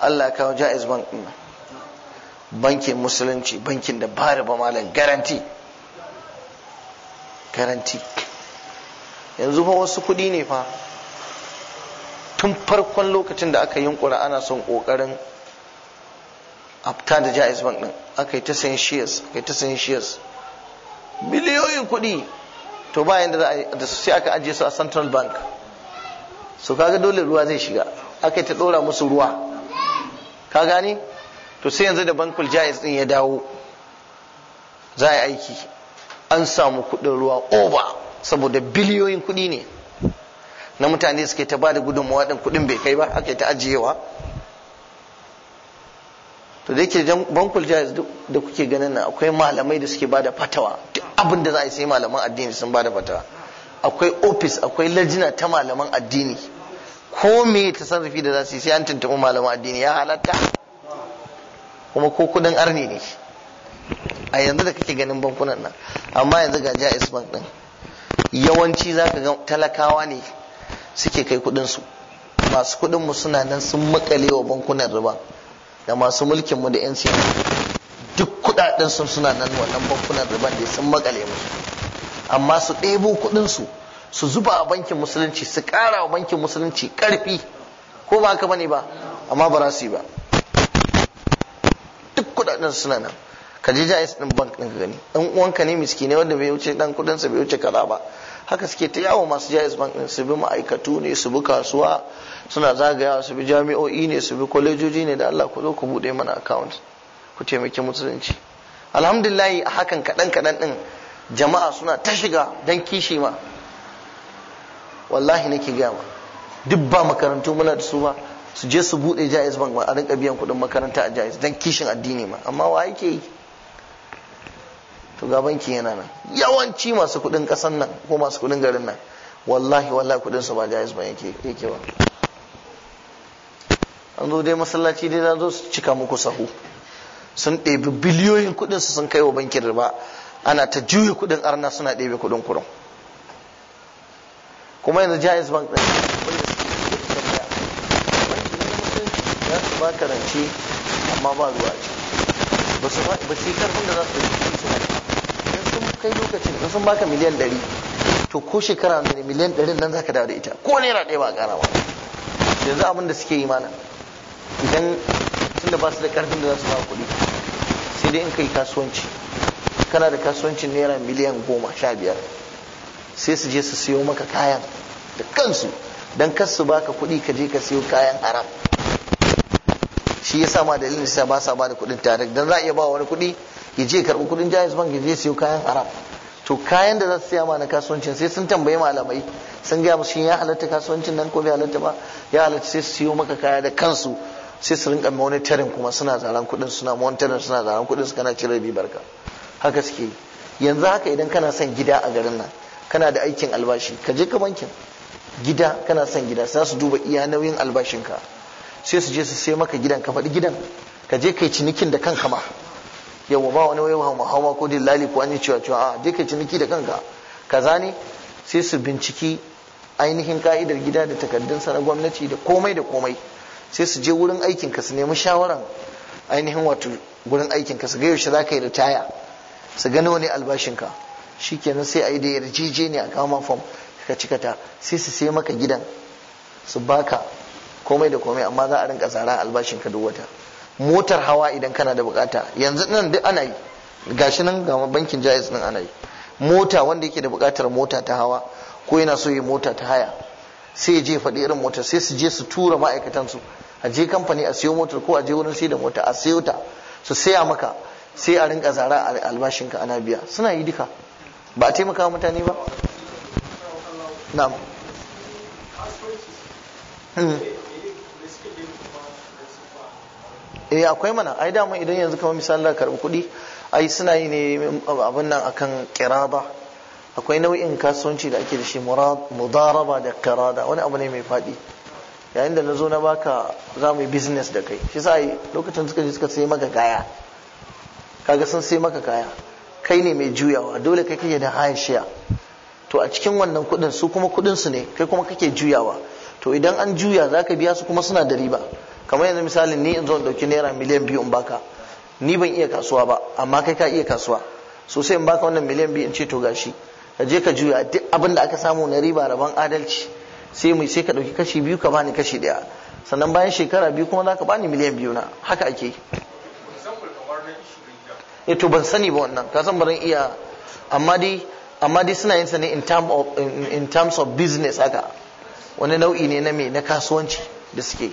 [SPEAKER 1] Allah ya kawo Jaiz Bank din nan bankin musulunci bankin da ba riba malam garanti garanti yanzu fa wasu kuɗi ne fa tun farkon lokacin da aka yunkura ana son ƙoƙarin afta da jaiz bank din aka yi ta sayan shares aka yi ta sayan shares Miliyoyin kuɗi to bayan da za a da sai aka ajiye su a central bank so kaga dole ruwa zai shiga aka ta dora musu ruwa ka gani to sai yanzu da bankul jais din ya dawo za a yi aiki an samu kudin ruwa over saboda biliyoyin kudi ne na mutane suke ta bada gudunmawa din kudin bai kai ba aka ta ajiyewa to da yake bankul jais da kuke ganin nan akwai malamai da suke bada fatawa duk abin da za a yi sai malaman addini sun bada fatawa akwai ofis akwai lajina ta malaman addini ko me ta sarrafi da zasu su yi sai an tuntuɓi malaman addini ya halatta kuma ko kudin arni ne a yanzu da kake ganin bankunan nan amma yanzu ga jais bank din yawanci za ka ga talakawa ne suke kai kudin su masu kudin mu suna nan sun makale wa bankunan riba da masu mulkin mu da yan siyasa duk kudaden sun suna nan wannan bankunan riba da sun makale musu amma su ɗebo kudin su su zuba a bankin musulunci su kara wa bankin musulunci karfi ko ba haka bane ba amma ba su yi ba duk kudaden suna nan ka je jayis din bank din gani dan uwanka ne miski ne wanda bai wuce dan kudin sa bai wuce kaza ba haka suke ta yawo masu jayis bank din su bi ma'aikatu ne su bi kasuwa suna zagayawa su bi jami'o'i ne su bi kwalejoji ne da Allah ku zo ku bude mana account ku taimaki musulunci alhamdulillah hakan kadan kadan din jama'a suna ta shiga dan kishi ma wallahi nake gaya ma duk ba makarantu muna da su ba su je su bude jais bank a rinka biyan kuɗin makaranta a jais dan kishin addini ma amma wa yake yi to ga banki yana nan yawanci masu kuɗin ƙasan nan ko masu kuɗin garin nan wallahi wallahi kudin su ba jais ban yake yake ba an zo dai masallaci dai zan zo su cika muku sahu sun ɗebi biliyoyin kuɗin su sun kai wa bankin riba ana ta juya kuɗin arna suna ɗebe kuɗin kurum. kuma yanzu jaiz bank ɗin za su ba karanci amma ba ruwa ce ba su ba su yi karfin da za su yi su idan sun kai lokacin idan sun baka miliyan ɗari to ko shekara ne miliyan ɗarin nan zaka dawo da ita ko naira ɗaya ba ƙara ba yanzu abin da suke yi mana idan tunda ba su da ƙarfin da za su ba kuɗi sai dai in kai kasuwanci kana da kasuwancin naira miliyan goma sha biyar sai su je su siyo maka kayan da kansu don kar su baka kuɗi ka je ka siyo kayan haram shi ya ma da sa ba sa ba da kuɗin tare dan za a iya ba wani kuɗi ya je karɓi kuɗin jayis bank ya je siyo kayan haram to kayan da za su siya ma na kasuwancin sai sun tambayi malamai sun gaya musu ya halatta kasuwancin nan ko bai halatta ba ya halatta sai su siyo maka kaya da kansu sai su rinka monitoring kuma suna zaran kuɗin suna monitoring suna zaran kuɗin su kana cire ribar haka suke yanzu haka idan kana son gida a garin nan kana da aikin albashi ka je ka bankin gida kana son gida za su duba iya nauyin albashinka sai su je su sai maka gidan ka faɗi gidan ka je kai cinikin da kanka ma yawa ba wani wai hawa hawa ko dillali ko an yi cewa cewa a je kai ciniki da kanka kaza ne sai su binciki ainihin ka'idar gida da takardunsa na gwamnati da komai da komai sai su je wurin aikinka su nemi shawaran ainihin wato gurin aikinka su ga yaushe za ka yi ritaya su gano ne albashinka shikenan sai a yi da yarjejeniya a kama fom ka cika ta sai su sai maka gidan su baka komai da komai amma za a rinka tsara albashin ka duk wata motar hawa idan kana da bukata yanzu nan duk ana yi gashi nan ga bankin jaiz nan ana yi mota wanda yake da bukatar mota ta hawa ko yana so ya mota ta haya sai je faɗi irin mota sai su je su tura ma'aikatan su a je kamfani a siyo motar ko a je wurin sai da mota a siyo ta su saya maka sai a rinka zara albashinka ana biya suna yi duka ba a taimaka mutane ba na'am hmm. eh akwai mana ai dama idan yanzu kama misali da karbi kuɗi ai suna yi ne abin nan akan kiraba akwai nau'in kasuwanci da ake da shi mudaraba da karada wani abu ne mai faɗi yayin da na zo na baka za mu yi business da kai shi sa lokacin suka je suka sai maka kaya kaga sun sai maka kaya kai ne mai juyawa dole kai kake da hashiya to a cikin wannan kuɗin su kuma kuɗin su ne kai kuma kake juyawa to idan an juya za ka biya su kuma suna da riba kamar yanzu misalin ni in zo in ɗauki naira miliyan biyu in baka ni ban iya kasuwa ba amma kai ka iya kasuwa so sai in baka wannan miliyan biyu in ce to gashi ka je ka juya duk abin da aka samu na riba rabon adalci sai mu sai ka ɗauki kashi biyu ka bani kashi ɗaya sannan bayan shekara biyu kuma za ka bani miliyan biyu na haka ake ya eh, to ban sani ba wannan kasan san barin iya amma dai amma dai suna yin sa ne in of in terms of business haka wani nau'i ne na me na kasuwanci da suke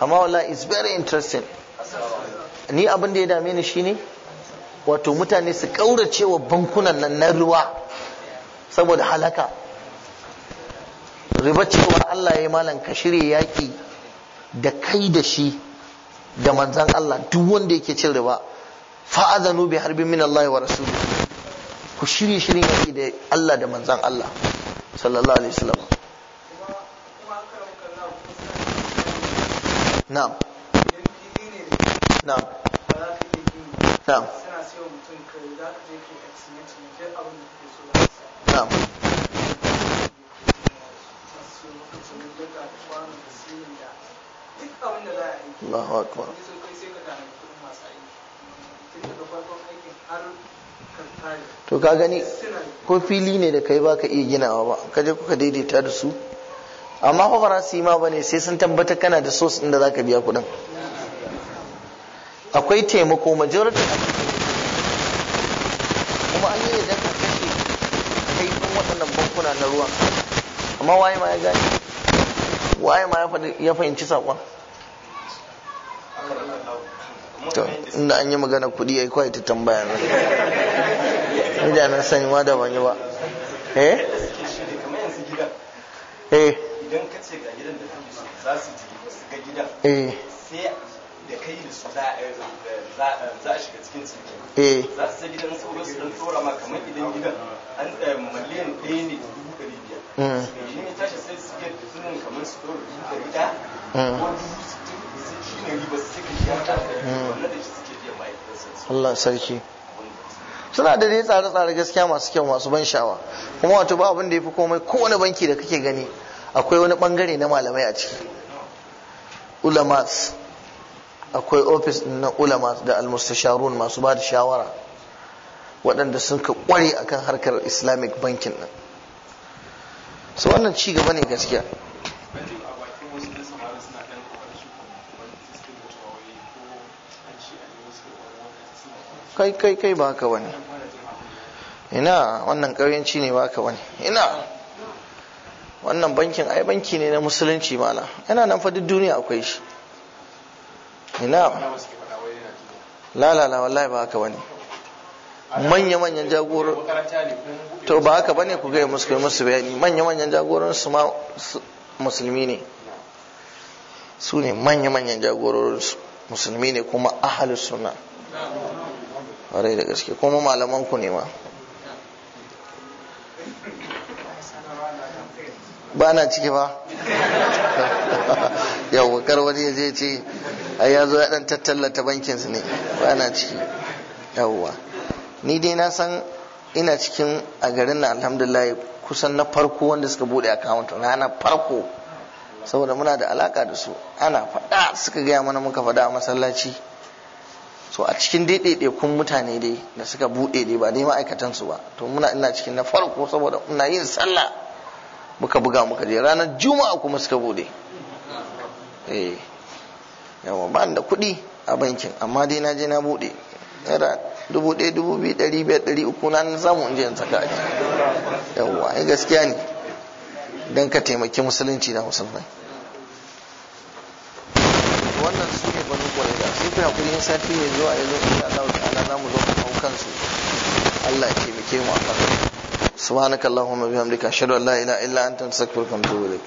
[SPEAKER 1] amma wala is very interesting ni abin da ya dame ni shine wato mutane su kaurace wa bankunan nan na ruwa saboda halaka riba cewa Allah ya malam ka shirya yaki da kai da shi da manzan Allah duk wanda yake cin riba fa'adhanu bi harbi min Allah wa rasulihi ku shirye shirin yaki da Allah da manzan Allah sallallahu alaihi wasallam na'am na'am na'am na'am Allahu akbar to ka gani ko fili ne da kai baka iya ginawa ba ka kuka daidaita da su amma ko ba su ma bane sai sun tabbata kana da sos inda zaka biya kuɗin akwai taimako majority kuma an yi yadda ka kashe kai kun waɗannan bankuna na ruwa amma waye ma ya gani waye ma ya fahimci saƙon to inda an yi magana kuɗi ya yi kawai ta tambaya na ni na sani ma da wani ba eh eh idan ka ce ga gidan da za su su ga gidan eh sai da kai da su za a eh, shiga cikin ciki eh. za su sai gidan su dan tsora ma kamar idan gidan
[SPEAKER 2] an eh, ɗaya ne dubu ɗari biyar hmm.
[SPEAKER 1] shi ne tashi sai su sunan kamar su dubu ɗari ɗaya hmm. ko dubu Allah sarki suna da dai tsare-tsare gaskiya masu kyau masu ban sha'awa kuma wato ba abin da ya fi komai kowane banki da kake gani akwai wani bangare na malamai a ciki ulamas akwai ofis na ulamas da almustasharun masu ba da shawara waɗanda sun ka kware akan harkar islamic bankin nan su wannan ci gaba ne gaskiya kai kai kai ba ka wani ina wannan ƙauyenci ne ba ka wani ina wannan bankin ai banki ne na musulunci mana yana nan fa duk duniya akwai shi ina lalala wallahi ba ka wani manya-manyan jagoran to ba haka bane ku gaya musulmi musu bayani manya-manyan jagoran su ma musulmi ne su ne manya-manyan jagororin musulmi ne kuma ahalus sunna ƙwarai da gaske kuma malaman ku ne ma ba na ciki ba (laughs) yau kar wani ya je ce a ya zo ya dan tattallata bankinsu ne ba na ciki yauwa ni dai na san ina cikin a garin na alhamdulahi kusan na farko wanda suka bude na, rana farko saboda muna da alaka da su ana faɗa suka gaya mana muka faɗa a masallaci To a cikin kun mutane dai da suka buɗe dai ba dai ma'aikatan su ba to muna ina cikin na farko saboda ina yin sallah muka buga muka je ranar juma'a kuma suka buɗe eh yawa ba da kuɗi a bankin amma dai na je na buɗe naira dubu ɗaya dubu biyu ɗari biyar ɗari uku na samu in je in saka aji yawa ai gaskiya ne dan ka taimaki musulunci na musulmai wannan su ne kwarai sai ku kuma in sati ya zuwa ya zo insha Allah ta'ala za mu zo mu hau kansu Allah ya taimake mu a kan سبحانك اللهم وبحمدك اشهد ان لا اله الا انت استغفرك واتوب اليك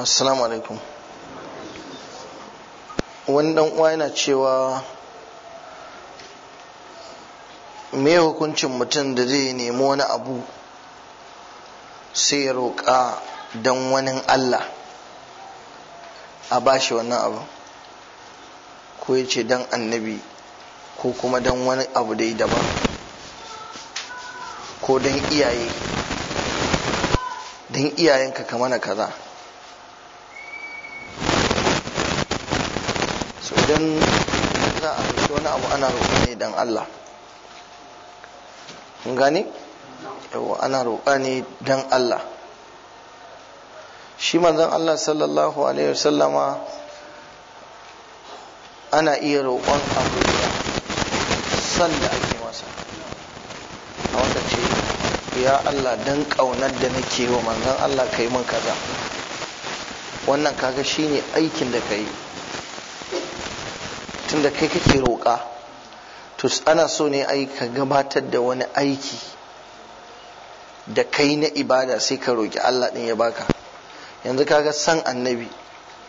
[SPEAKER 1] assalamu alaikum wani dan uwa yana cewa me hukuncin mutum da zai nemi wani abu sai ya roƙa don wani Allah a bashi wannan abu ko ya ce don annabi ko kuma don wani abu da daban ko don iyaye don iyayenka ka mana kaza so don za a fi wani abu ana roƙa ne don Allah gani? yawa ana roƙa ne don Allah shi manzon Allah sallallahu alaihi wasallama ana iya roƙon abu san da ake masa a wanda ce ya Allah dan ƙaunar da nake wa manzon Allah ka yi min kaza wannan kaga shi ne aikin da ka yi tun da kai kake roƙa to ana so ne ai ka gabatar da wani aiki da kai na ibada sai ka roƙi Allah ɗin ya baka yanzu kaga san annabi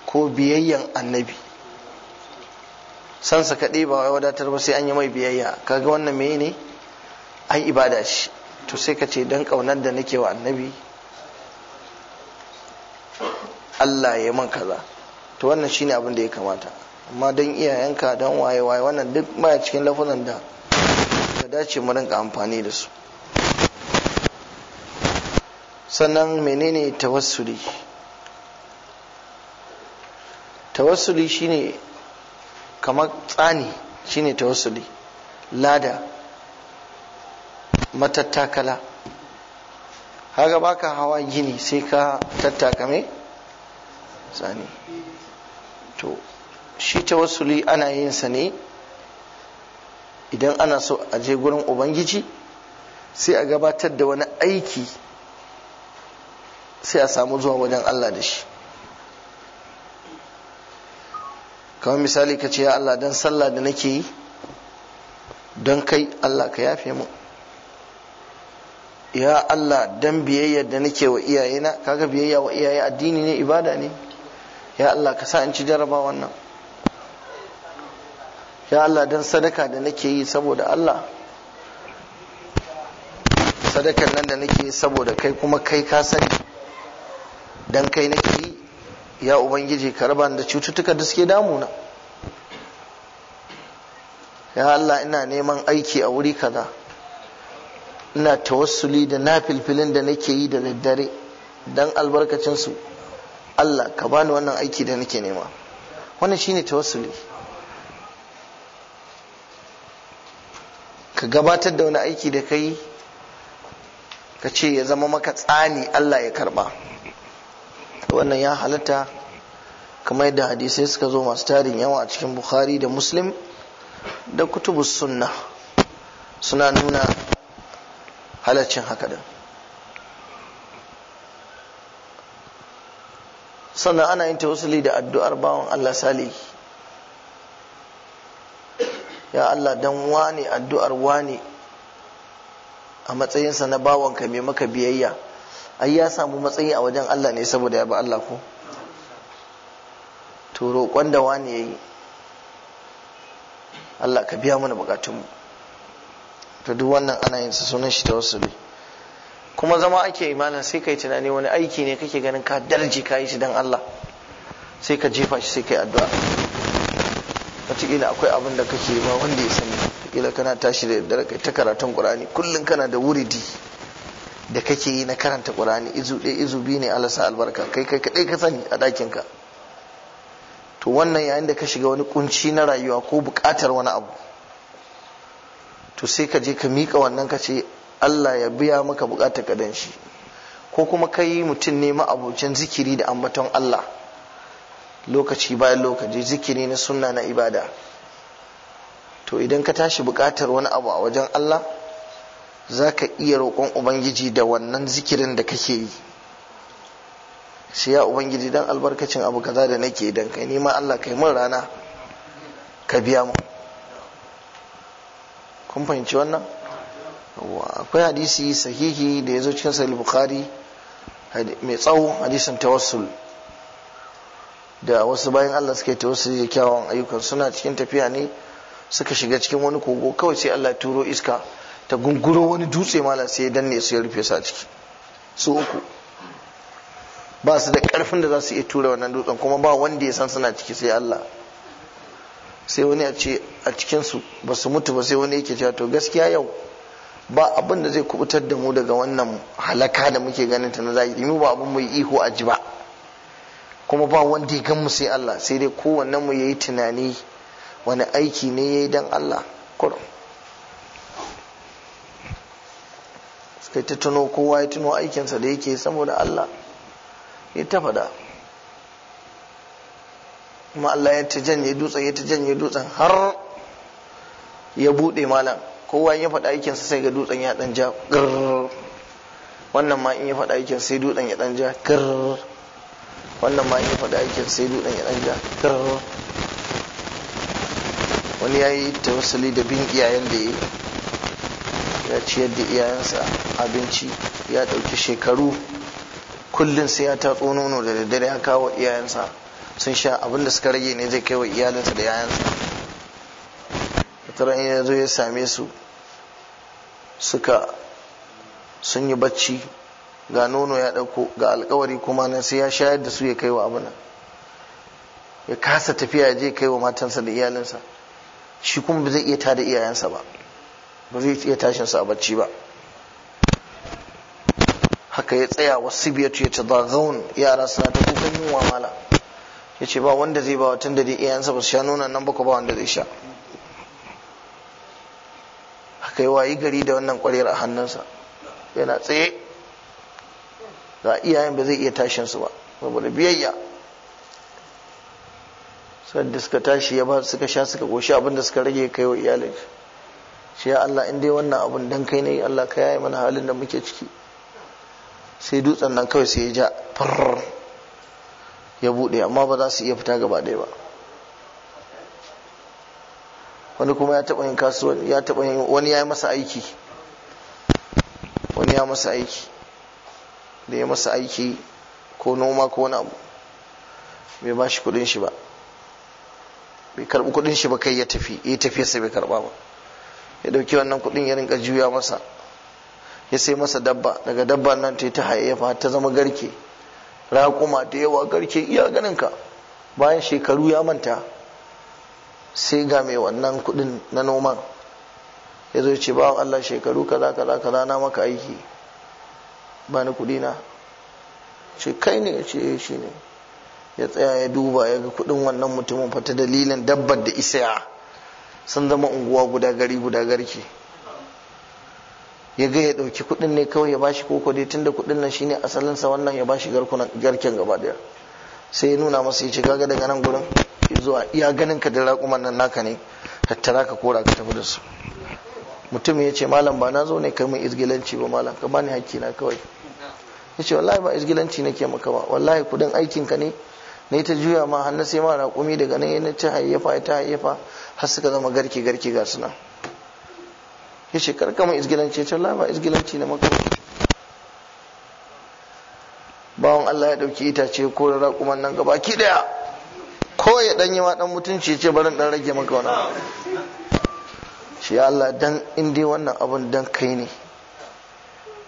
[SPEAKER 1] ko biyayyan annabi sansa kaɗai ba wai wadatar ba sai an yi mai biyayya kaga wannan meye ne ai ibada shi to sai ka ce don ƙaunar da nake wa annabi Allah ya man kaza to wannan shine abin da ya kamata amma don iyayenka don waye waye wannan duk baya cikin lafazan da ka dace mu rinka amfani da su sannan menene tawassuli tawassuli shine kamar tsani shine tawassuli lada matattakala haka baka hawa gini sai ka tattaka mai tsani to shi tawassuli ana yin sa ne idan ana so a je gurin ubangiji sai a gabatar da wani aiki sai a samu zuwa wajen Allah da shi kamar misali ka ce ya Allah don sallah da nake yi don kai Allah ka yafe mu ya Allah don biyayya da nake wa iyayena kaga biyayya wa iyaye addini ne ibada ne ya Allah ka sa in ci jaraba wannan ya Allah don sadaka da nake yi saboda Allah sadakan nan da nake yi saboda kai kuma kai ka sani dan kai nake yi ya ubangiji ka raba da cututtuka da suke damuna ya Allah ina neman aiki a wuri kaza ina tawassuli da na filfilin da nake yi da daddare don albarkacinsu Allah ka bani wannan aiki da nake nema wannan shine tawassuli ka gabatar da wani aiki da ka yi ka ce ya zama maka tsani Allah ya karba to wannan ya halatta kamar yadda hadisai suka zo masu tarin yawa a cikin bukhari da muslim da kutubu sunna suna nuna halaccin haka din sannan ana yin tawassuli da addu'ar bawan Allah sali ya Allah dan wani addu'ar wani a matsayinsa na bawanka mai maka biyayya ai ya samu matsayi a wajen Allah ne saboda ya bi Allah ko to roƙon da wani yayi Allah ka biya mana bukatunmu to duk wannan ana yin sa sunan shi tawassuli kuma zama ake imanin sai kai tunani wani aiki ne kake ganin ka darji ka yi shi dan Allah sai ka jefa shi sai kai addu'a wataƙila akwai abin da kake ba wanda ya sani wataƙila kana tashi da yaddara kai ta karatun ƙur'ani kullum kana da wuridi da kake yi na karanta ƙur'ani. izu ɗaya izu biyu ne alasa albarka kai kai kaɗai ka sani a ɗakinka. to wannan yayin da ka shiga wani kunci na rayuwa ko buƙatar wani abu to sai ka je ka miƙa wannan ka ce Allah ya biya maka buƙatar ka dan shi ko kuma ka yi mutum ne ma'abocin zikiri da ambaton Allah lokaci bayan lokaci zikiri na sunna na ibada to idan ka tashi buƙatar wani abu a wajen Allah za ka iya roƙon ubangiji da wannan zikirin da kake yi sai ya ubangiji don albarkacin abu kaza da nake don kai nima allah kai mun rana ka biya mu kun fahimci wannan akwai hadisi sahihi da ya zo cikin sahih bukhari mai tsawo hadisin tawassul da wasu bayan allah suka yi tawassul da kyawun ayyukan suna cikin tafiya ne suka shiga cikin wani kogo kawai sai allah turo iska ta gunguro wani dutse mala sai ya danne su ya rufe su a ciki su uku ba su da karfin da za su iya tura wannan dutsen kuma ba wanda ya san suna ciki sai Allah sai wani a ce ba su mutu ba sai wani yake cewa to gaskiya yau ba abin da zai kubutar da mu daga wannan halaka da muke ganin ta na zahiri mu ba abin mu iho ihu a ji ba kuma ba wanda ya gan mu sai Allah sai dai kowannen mu yayi tunani wani aiki ne yayi dan Allah kurum kai ta tuno kowa ya tuno aikinsa da yake saboda Allah ya ta faɗa kuma Allah ya ta janye dutsen ya ta janye dutsen har ya buɗe malam kowa ya faɗa aikinsa sai ga dutsen ya ɗan ja wannan ma in ya faɗa aikin sai dutsen ya ɗan ja wannan ma in ya faɗa aikin sai dutsen ya ɗan ja wani ya yi tawassuli da bin iyayen da ya yi ya ciyar da iyayensa abinci ya ɗauki shekaru kullum sai ya tatso nono da daddare ya kawo iyayensa sun sha abin da suka rage ne zai kai wa iyalinsa da yayansa tattara in ya ya same su suka sun yi bacci ga nono ya ɗauko ga alkawari kuma nan sai ya shayar da su ya kai wa abin ya kasa tafiya ya je kai wa matansa da iyalinsa shi kuma ba zai iya tada iyayensa ba ba zai iya tashin sa a bacci ba haka ya tsaya wasu sibiyatu ya ce zagaun yara suna ta kukan yin wamala ya ce ba wanda zai ba watan da dai iyayensa ba su sha nuna nan baka ba wanda zai sha haka yi wayi gari da wannan kwaryar a hannunsa yana tsaye da iyayen ba zai iya tashin su ba saboda biyayya sai da suka tashi ya ba suka sha suka goshi abinda suka rage kai wa iyalin shi ya Allah in dai wannan abun dan kai ne Allah ka yaye mana halin da muke ciki sai dutsen nan kawai sai ya ja far ya bude amma ba za su iya fita gaba ɗaya ba wani kuma ya taɓa yin kasuwanci ya taɓa yin wani ya yi masa aiki wani ya masa aiki da ya masa aiki ko noma ko wani abu bai ba shi kudin shi ba bai karɓi kudin shi ba kai ya tafi ya tafi sai bai karɓa ba ya dauki wannan kudin ya rinka juya masa ya sai masa dabba daga dabba nan ta ta hayayyafa ta zama garke raƙuma da yawa garke iya ka bayan shekaru ya manta sai ga mai wannan kudin na noman ya zo ce ba Allah shekaru kaza kaza kaza na maka aiki ba ni kudi na ce kai ne ce eh, shi ne ya tsaya ya duba ya ga kudin wannan mutumin fata dalilin dabbar da isa sun zama unguwa guda gari guda garke ya ga ya ɗauki kuɗin ne kawai ya bashi koko dai tunda kuɗin nan shine asalinsa wannan ya bashi garken gaba daya sai ya nuna masa ya ce kaga daga nan gurin zuwa iya ganin ka da raƙuman nan naka ne tattara ka kora ka tafi da su mutum ya ce malam ba na zo ne kai mun izgilanci ba malam ka bani hakki na kawai ya ce wallahi ba izgilanci nake maka ba wallahi kuɗin aikinka ne ne ta juya ma hannu sai ma raƙumi daga nan yana ta hayyafa ta hayyafa har suka zama garke garke ga suna ya ce karkama ya ta laba izgilanci na makarci bawan Allah ya ɗauki itace ko da raƙuman nan gaba ki daya ko ya ɗanyi ma ɗan mutunci ce barin ɗan rage maka wani shi Allah dan inda wannan abun dan kai ne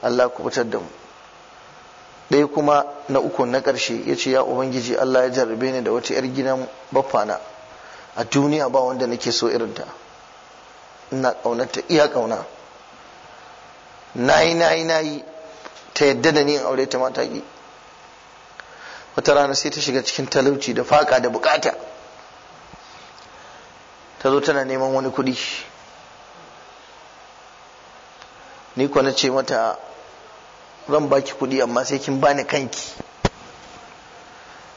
[SPEAKER 1] Allah ku fitar da mu ɗaya kuma na uku na ƙarshe ya ce ya ubangiji Allah ya jarrabe ni da wata 'yar gidan baffana a duniya ba wanda nake so irinta ina ƙaunarta iya ƙauna Na na yi yi na yi ta yadda da ni in aure ta mata ki wata rana sai ta shiga cikin talauci da faƙa da bukata ta zo tana neman wani kuɗi ni kuwa na ce mata zan baki kuɗi amma sai kin bani kanki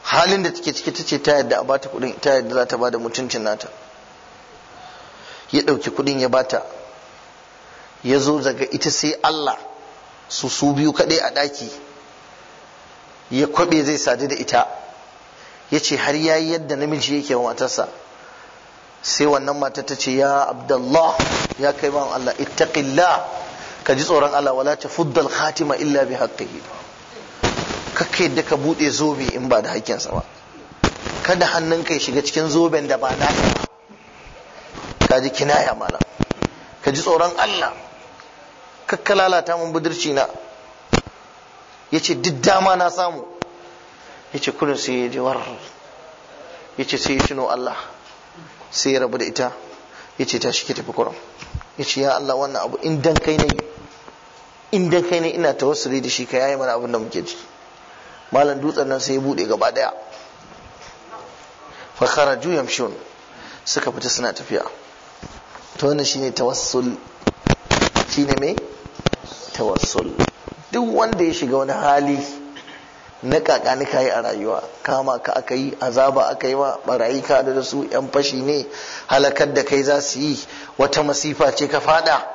[SPEAKER 1] halin da take ciki tace ta yadda a bata kuɗin ta yadda za ta bada mutuncin nata ya ɗauki kuɗin ya bata ya zo daga ita sai Allah su su biyu kaɗai a ɗaki ya kwaɓe zai sadu da ita ya ce har ya yi yadda namiji yake wa matarsa sai wannan matar ta ce ya Abdullah, ya kai ban Allah ittaqillah ka ji tsoron Allah wala ta fuddal khatima illa bi haqqihi kakka da ka bude zobe in ba da hakkinsa ba kada hannunka ya shiga cikin zoben da ba na ka ji kinaya mana ka ji tsoron Allah kakka lalata mun budurci na yace duk dama na samu yace kullun sai ya ji war yace sai ya tuno Allah sai ya rabu da ita yace ta shi ke tafi kurum yace ya Allah wannan abu in dan kai ne in kai ne ina tawassuli da shi ka yayi mana abin da muke ji malam dutsen nan sai ya bude gaba daya fa kharaju yamshun suka fita suna tafiya to wannan shine tawassul shine me tawassul duk wanda ya shiga wani hali na kakani kayi a rayuwa kama ka aka yi azaba aka yi ma barayi ka da su yan fashi ne halakar da kai za su yi wata masifa ce ka fada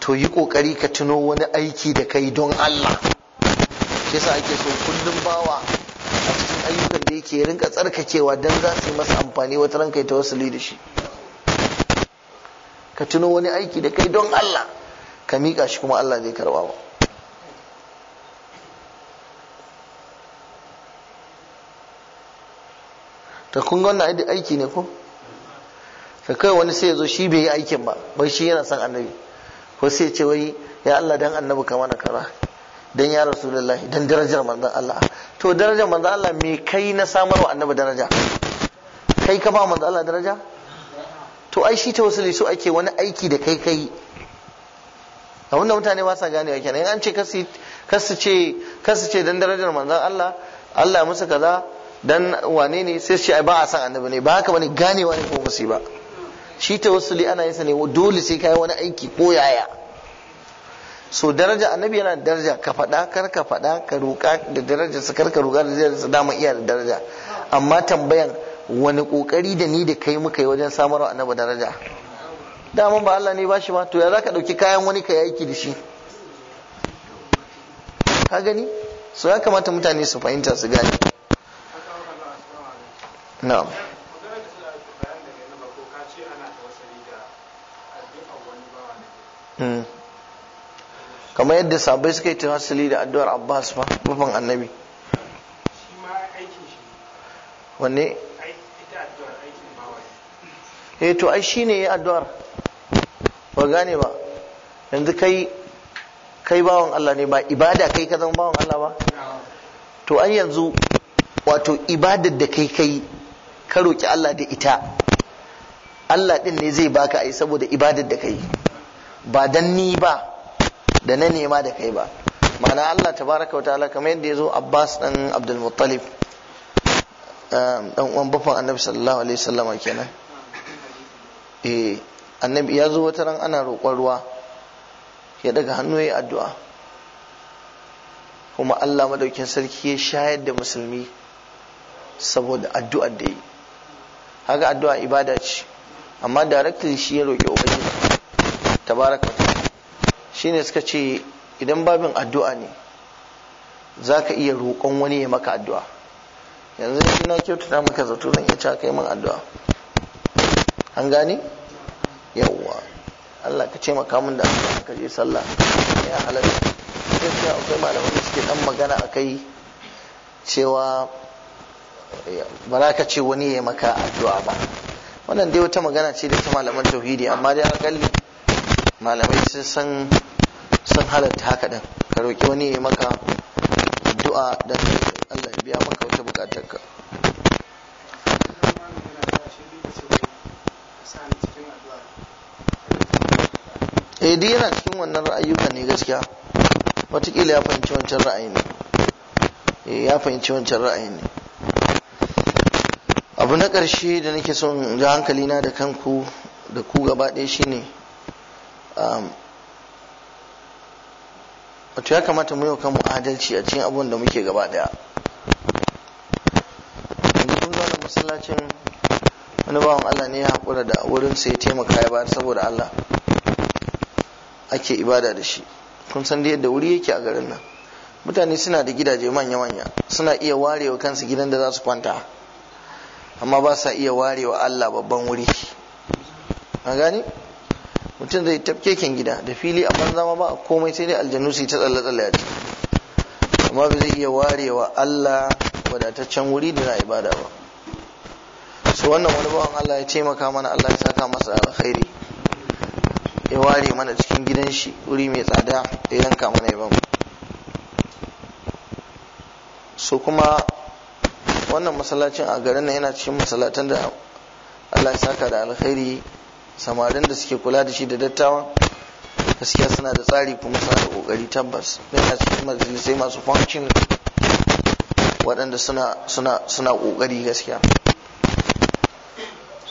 [SPEAKER 1] to yi kokari ka tuno wani aiki da kai don Allah shi yasa ake so kullum bawa a cikin ayyukan da yake rinka tsarkakewa don za su yi masa amfani wata ran ta wasu da shi ka tuno wani aiki da kai don Allah ka miƙa shi kuma Allah zai karba ba ta kun wannan aiki ne ko ka kai wani sai ya zo shi bai yi aikin ba bai shi yana son annabi ko sai ce wai ya Allah dan annabi ka mana kaza dan ya rasulullahi dan darajar manzon Allah to darajar manzon Allah me kai na samarwa annabi daraja kai ka ba manzon Allah daraja to ai shi tawassuli so ake wani aiki da kai kai A wannan mutane ba sa ganewa kenan in an ce kasu ce kasu ce dan darajar manzon Allah Allah ya musu kaza dan wane ne sai ce ai ba a san annabi ne ba haka bane ganewa ne ko musiba ba shi tawassuli ana yin sa ne dole sai kai wani aiki ko yaya so daraja annabi yana da daraja ka faɗa kar ka faɗa ka roƙa da daraja su kar ka roƙa da daraja su dama iya da daraja amma tambayan wani kokari da ni da kai muka yi wajen samarwa annabi daraja Dama ba Allah ne ba shi ba to ya zaka ɗauki kayan wani ka aiki da shi ka gani so ya kamata mutane su fahimta su gane kamar yadda sabai suka yi tawassuli da addu'ar abbas ba mafan annabi wanne eh to ai ne ya addu'ar ba gane ba yanzu kai kai bawan Allah ne ba ibada kai ka zama bawan Allah ba to an yanzu wato ibadar da kai kai ka roki Allah da ita Allah din ne zai baka ai saboda ibadar da kai ba dan ni ba da na nema da kai ba ma'ana Allah tabaraka wa ta'ala kamar yadda ya zo Abbas dan Abdul Muttalib dan um, uwan bafan Annabi sallallahu alaihi wasallama kenan eh annabi ya zo wata ran ana roƙon ruwa ya daga hannu ya addu'a kuma Allah madaukin sarki ya shayar da musulmi saboda addu'ar da yi haka addu'a ibada ce amma directly shi ya roƙi ubangiji tabaraka shine suka ce idan babin addu'a ne za ka iya roƙon wani ya maka addu'a yanzu na kyautata maka zato zan iya ca kai min addu'a an gane yawwa Allah ka ce maka min da addu'a ka je sallah ya halatta gaskiya akwai malaman da suke dan magana akai cewa eh, ba za ka ce wani ya maka addu'a ba wannan dai wata magana ce da ta malaman tauhidi amma dai alƙalli malamai sun san sun halatta haka din ka roƙi wani ya maka addu'a don Allah ya biya maka wata ka. eh dai yana cikin wannan ra'ayyuka ne gaskiya watakila ya fahimci wancan ra'ayi ne eh, ya fahimci wancan ra'ayin ne abu na ƙarshe da nake son ga hankali na da kanku da ku gaba ɗaya shine Um, wato ya kamata mu yi kan mu adalci a cikin abun da muke gaba daya mun zo da masallacin wani bawan Allah ne ya haƙura da wurin sai taimaka ya bayar saboda Allah ake ibada da shi kun san da yadda wuri yake a garin nan mutane suna da gidaje manya-manya suna iya warewa kansu gidan da za su kwanta amma ba sa iya warewa Allah babban wuri a gani mutum zai tafkeken gida da fili a banza ma ba komai sai dai aljanu su ta tsalle tsalle a ciki amma ba zai iya warewa Allah wadataccen wuri da na ibada ba su wannan wani bawan Allah ya taimaka mana Allah ya saka masa alkhairi ya ware mana cikin gidan shi wuri mai tsada ya yanka mana ya bamu so kuma wannan masallacin a garin nan yana cikin masallatan da Allah ya saka da alkhairi samarin da suke kula da shi da dattawa gaskiya suna da tsari kuma suna da kokari tabbas yana cikin majalisai masu function waɗanda suna suna suna kokari gaskiya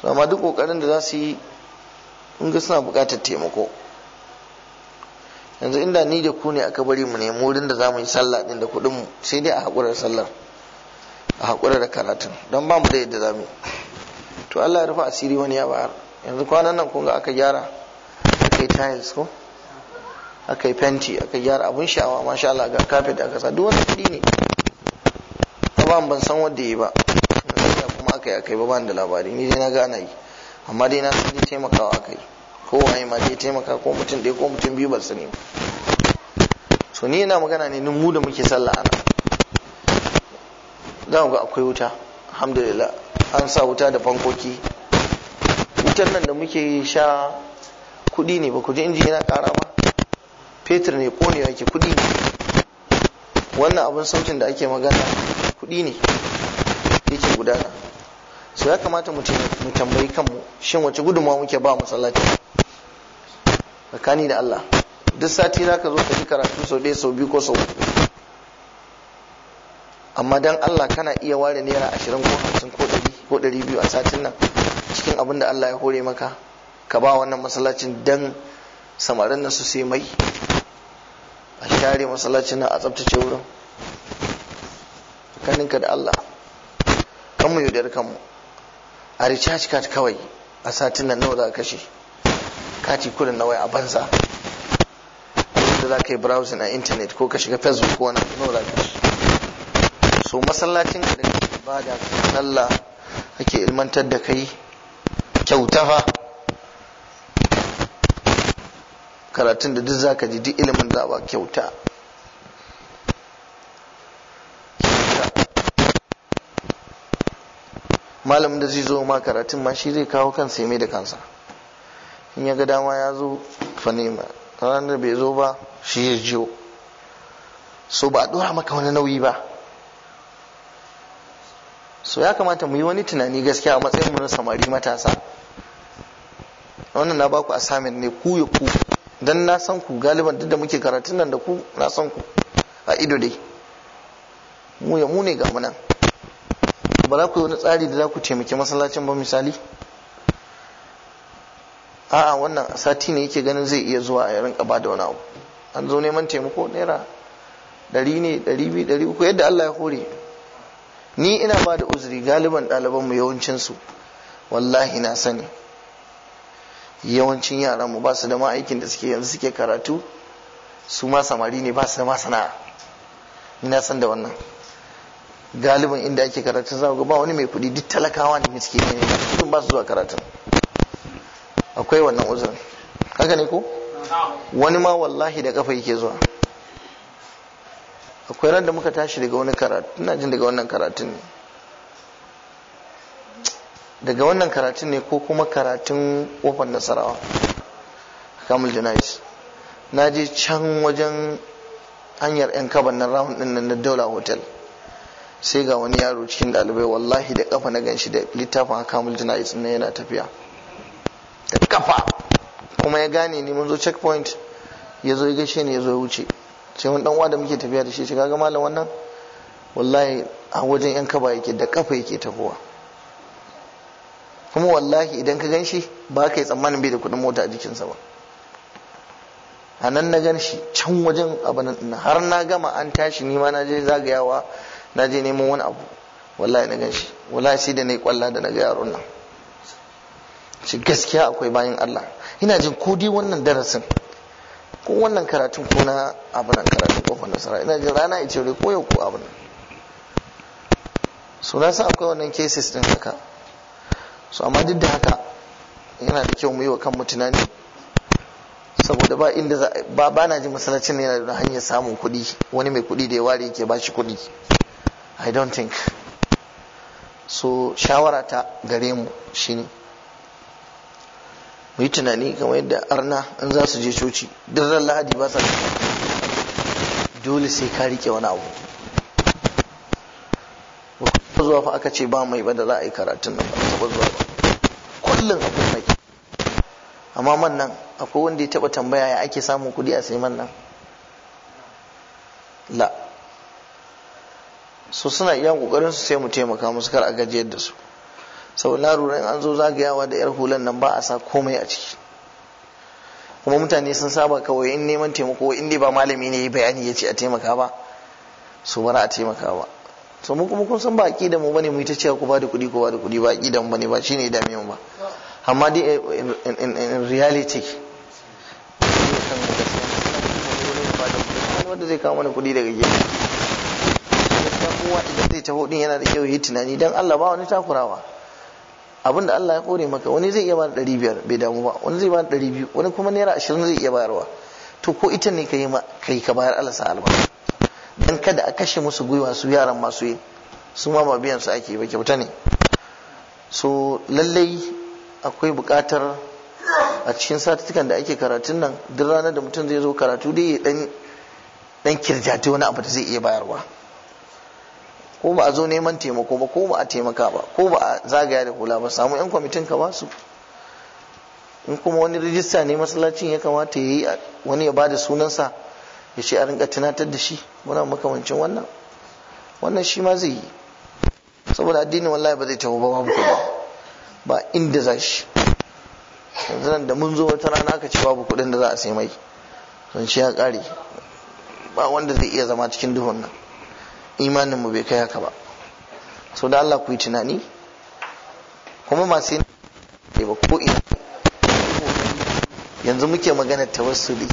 [SPEAKER 1] su amma duk kokarin da za su yi in suna buƙatar taimako yanzu inda ni da ku ne aka bari mu nemi wurin da za mu yi sallah din da kuɗin mu sai dai a haƙurar sallar a haƙurar da karatun don ba mu da yadda za mu yi to Allah ya rufa asiri wani ya bayar yanzu kwanan nan kun ga aka gyara aka yi tiles ko aka yi fenti aka gyara abun sha'awa masha Allah ga carpet aka sa duk wani kudi ne ba ban san wanda yi ba kuma aka yi aka yi ba da labari ni dai na gana yi amma dai na san dai taimakawa aka yi ko waye ma dai taimaka ko mutum ɗaya ko mutum biyu ba su ne so ni yana magana ne mu da muke sallah ana za mu ga akwai wuta alhamdulillah an sa wuta da fankoki wutan nan da muke sha kudi ne ba ku ji inji yana kara ba fetur ne kone yake kudi ne wannan abin sautin da ake magana kudi ne yake gudana so ya kamata mu tambayi kanmu shin wace gudunmawa muke ba masallaci tsakani da Allah duk sati za ka zo ka ji karatu sau ɗaya sau biyu ko sau amma dan Allah kana iya ware naira ashirin ko hamsin ko ɗari ko ɗari biyu a satin nan cikin abin da Allah ya hore maka ka ba wannan masallacin dan samarin nan su sai mai a share masallacin nan a tsabtace wurin kaninka da Allah kan mu yaudar kanmu a recharge card kawai a satin nan nawa za ka kashe kati kudin na a banza da za ka yi browsing a internet ko ka shiga facebook ko wani nawa za ka kashe so masallacin da ba ibada sallah ake ilmantar da kai kyauta fa karatun da duk zaka ji duk ilimin da ba kyauta malamin da zai zo ma karatun ma shi zai kawo kansa mai da kansa in ya ga dama ya zo fa nema ranar bai zo ba shi ya jiyo so ba a dora maka wani nauyi ba so ya kamata mu yi wani tunani gaskiya a matsayin mu na samari matasa wannan na baku assignment ne ku ya ku don na san ku galiban duk da muke karatun nan da ku na san ku a ido dai mu ya mu ne ga munan ba za ku yi wani tsari da za ku taimaki masallacin ba misali a'a wannan sati ne yake ganin zai iya zuwa a rinka ba da wani abu an zo neman taimako naira ɗari ne ɗari biyu ɗari uku yadda Allah ya hore ni ina ba da uzuri galiban ɗaliban mu wallahi na sani yawancin yaran mu ba su da ma aikin da suke yanzu suke karatu su ma samari ne ba su da ma sana'a ni na san da wannan Galiban inda ake karatu za ga ba wani mai kuɗi duk talakawa ne mai suke ne kuɗin ba su zuwa karatu, akwai wannan uzurin haka ne ko wani ma wallahi da kafa yake zuwa akwai ran da muka tashi daga wani karatu ina jin daga wannan karatun ne daga wannan karatun ne ko kuma karatun kofar nasarawa kamul janais na je can wajen hanyar yan kaban nan round din na daula hotel sai ga wani yaro cikin dalibai wallahi da kafa na ganshi da littafin kamul janais na yana tafiya da kafa kuma ya gane ni mun zo checkpoint ya zo ya gaishe ni ya zo ya wuce ce wani uwa da muke tafiya da shi shiga ga malam wannan wallahi a wajen yan kaba yake da kafa yake tafowa kuma wallahi idan ka gan shi ba ka yi tsammanin bai da kudin mota a jikinsa ba a nan na gan shi can wajen abin har na gama an tashi nima na je zagayawa na je neman wani abu wallahi na gan shi wallahi sai da na yi kwalla da na ga yaron nan shi gaskiya akwai bayan Allah ina jin ko dai wannan darasin ko wannan karatun ko na abin nan karatun kofar nasara ina jin rana ice wuri ko yau ko abin nan so na sa akwai wannan cases din haka so amma duk da haka yana da kyau mu yi wa kanmu tunani saboda ba inda za ba ba na ji masalacin ne yana da hanyar samun kuɗi wani mai kuɗi da ya ware yake ba shi kuɗi i don't think so shawara ta gare mu shine mu yi tunani kamar yadda arna in za su je coci duk ran lahadi ba sa dole sai ka rike wani abu ba zuwa fa aka ce ba mai ba da za a yi karatun nan ba taba zuwa ba kullum akwai mai amma man nan akwai wanda ya taba tambaya ya ake samun kuɗi a sai man nan la so suna iya kokarin su sai mu taimaka musu kar a gajiyar da su sau na lura in an zo zagayawa da yar hulan nan ba a sa komai a ciki kuma mutane sun saba kawai in neman taimako in dai ba malami ne ya bayani ya ce a taimaka ba su bara a taimaka ba to mu kuma kun san ba da mu bane mu ita cewa ku ba da kuɗi ko ba da kuɗi ba da mu bane ba shine da mu ba amma dai in reality wanda zai kawo mana kuɗi daga gefe gaskiya kowa idan zai taho din yana da kyau yi tunani don Allah ba wani takurawa abin da Allah ya kore maka wani zai iya ba da ɗari biyar bai damu ba wani zai ba da ɗari biyu wani kuma naira ashirin zai iya bayarwa to ko ita ne ka yi kai ka bayar Allah sa dan kada a kashe musu gwiwa su yaran masu yi su ma ba biyan su ake ba kyauta ne so lallai akwai buƙatar a cikin satutukan da ake karatun nan duk ranar da mutum zai zo karatu dai ya dan kirjati wani abu da zai iya bayarwa ko ba a zo neman taimako ba ko ba a taimaka ba ko ba a zagaya da hula ba samu yan kwamitin ka ba in kuma wani rijista ne masallacin ya kamata ya yi wani ya bada sunansa ya ce a rinka tunatar da shi muna makamancin wannan wannan shi ma zai yi saboda addinin wallahi ba zai tafi ba babu kuɗi ba inda za shi yanzu da mun zo wata rana aka ce babu kuɗin da za a sai mai sun ce ya ƙare ba wanda zai iya zama cikin duhun nan imanin mu bai kai haka ba so da Allah ku yi tunani kuma masu yin ba ko ina yanzu muke magana tawassuli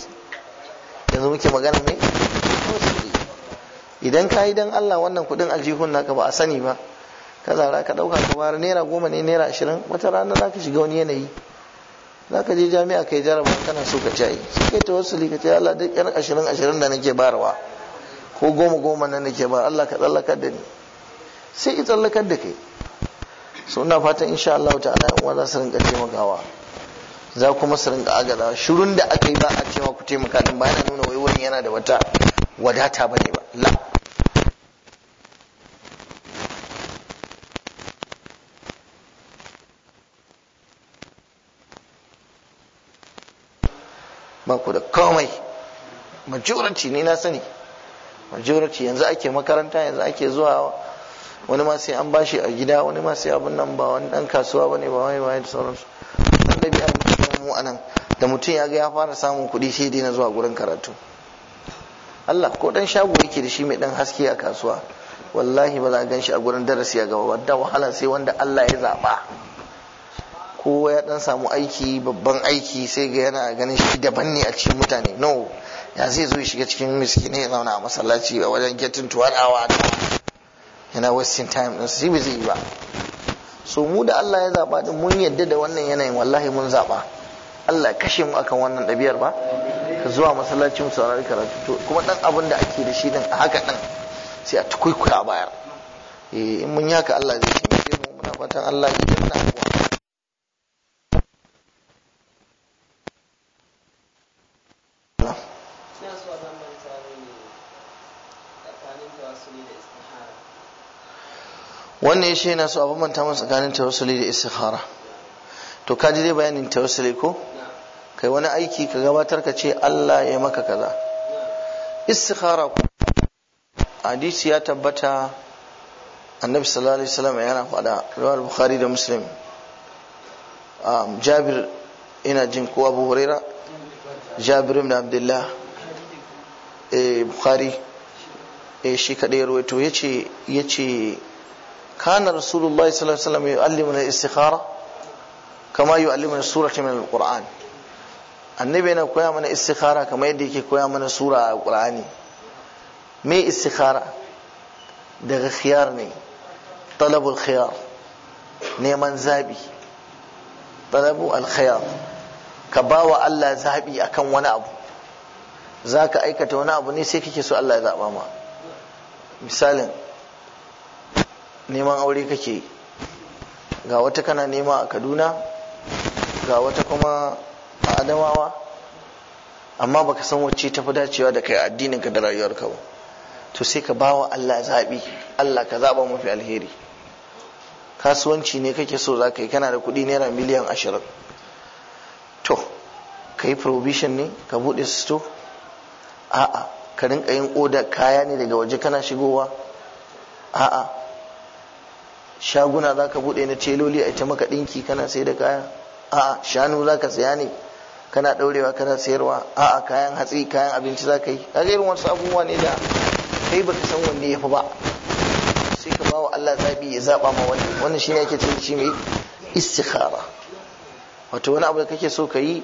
[SPEAKER 1] yanzu muke magana ne tawassuli idan ka yi don Allah wannan kudin aljihun naka ba a sani ba ka zara ka dauka ka bayar naira goma ne naira ashirin wata rana za ka shiga wani yanayi za ka je jami'a ka yi jarabar kana so ka ci sai kai tawassuli ka ce Allah duk yan ashirin ashirin da nake barawa ko goma goma na nake ba Allah ka tsallakar da ni sai i tsallakar da kai Suna fatan insha Allah ta'ala in wanda su rinka taimakawa za kuma su rinka agada shirun da aka yi ba a cewa ku taimaka din ba yana nuna wai wani yana da wata wadata bane ba la ba ku da komai majority ne na sani majority yanzu ake makaranta yanzu ake zuwa wani ma sai an bashi a gida wani ma sai abun nan ba wani dan kasuwa bane ba wani wani da sauransu an mu anan da mutum ya ga ya fara samun kuɗi sai dai na zuwa gurin karatu Allah ko dan shago yake da shi mai dan haske a kasuwa wallahi ba za a ganshi a gurin darasi a gaba da wahala sai wanda Allah ya zaba kowa ya dan samu aiki babban aiki sai ga yana ganin shi daban ne a cikin mutane no ya zai zo shiga cikin miskini ya zauna a masallaci a wajen getting to one hour yana wasting time din su ba zai yi ba so mu da Allah ya zaba din mun yadda da wannan yanayin wallahi mun zaba Allah kashe mu akan wannan ɗabi'ar ba ka zuwa masallaci mu saurari karatu to kuma dan abin da ake da shi din a haka din sai a tukuikuya bayar eh in mun yaka Allah zai taimake mu muna fatan Allah ya yi mana abuwa wannan yace yana so a bambanta mu tsakanin tawassuli da istikhara to ka ji dai bayanin tawassuli ko kai wani aiki ka gabatar ka ce Allah ya maka kaza istikhara hadisi ya tabbata annabi sallallahu alaihi wasallam yana faɗa riwayar bukhari da muslim um, jabir ina jin ko abu huraira jabir ibn abdullah eh bukhari eh shi kadai ruwaito yace yace Ka rasulullahi sallallahu alaihi wasallam yu'allimuna istikhara kama yu'allimuna surata min alquran annabi yana koya mana istikhara kamar yadda yake koya mana sura a qur'ani me istikhara daga khiyar ne talabul khiyar neman zabi talabu alkhiyar ka bawa Allah zabi akan wani abu zaka aikata wani abu ne sai kake so Allah ya zaba ma misalin neman aure kake ga wata kana nema a kaduna ga wata kuma a adamawa amma baka san wacce tafi dacewa da kai addinin ka da rayuwarka ba to sai ka bawa Allah zaɓi Allah ka zaɓa mafi alheri kasuwanci ne kake so za ka yi kana da kuɗi naira miliyan ashirin to ka yi provision ne ka buɗe sto a'a ka rinka yin oda kaya ne daga waje kana shigowa a'a shaguna za ka buɗe na teloli a ita maka ɗinki kana sai da kaya a shanu za ka saya ne kana ɗaurewa kana sayarwa a kayan hatsi kayan abinci za ka yi a irin wasu abubuwa ne da kai baka san wanne ya fi ba sai ka bawa Allah zabi ya zaba ma wani wannan ne ake cin shi mai istikhara wato wani abu da kake so ka yi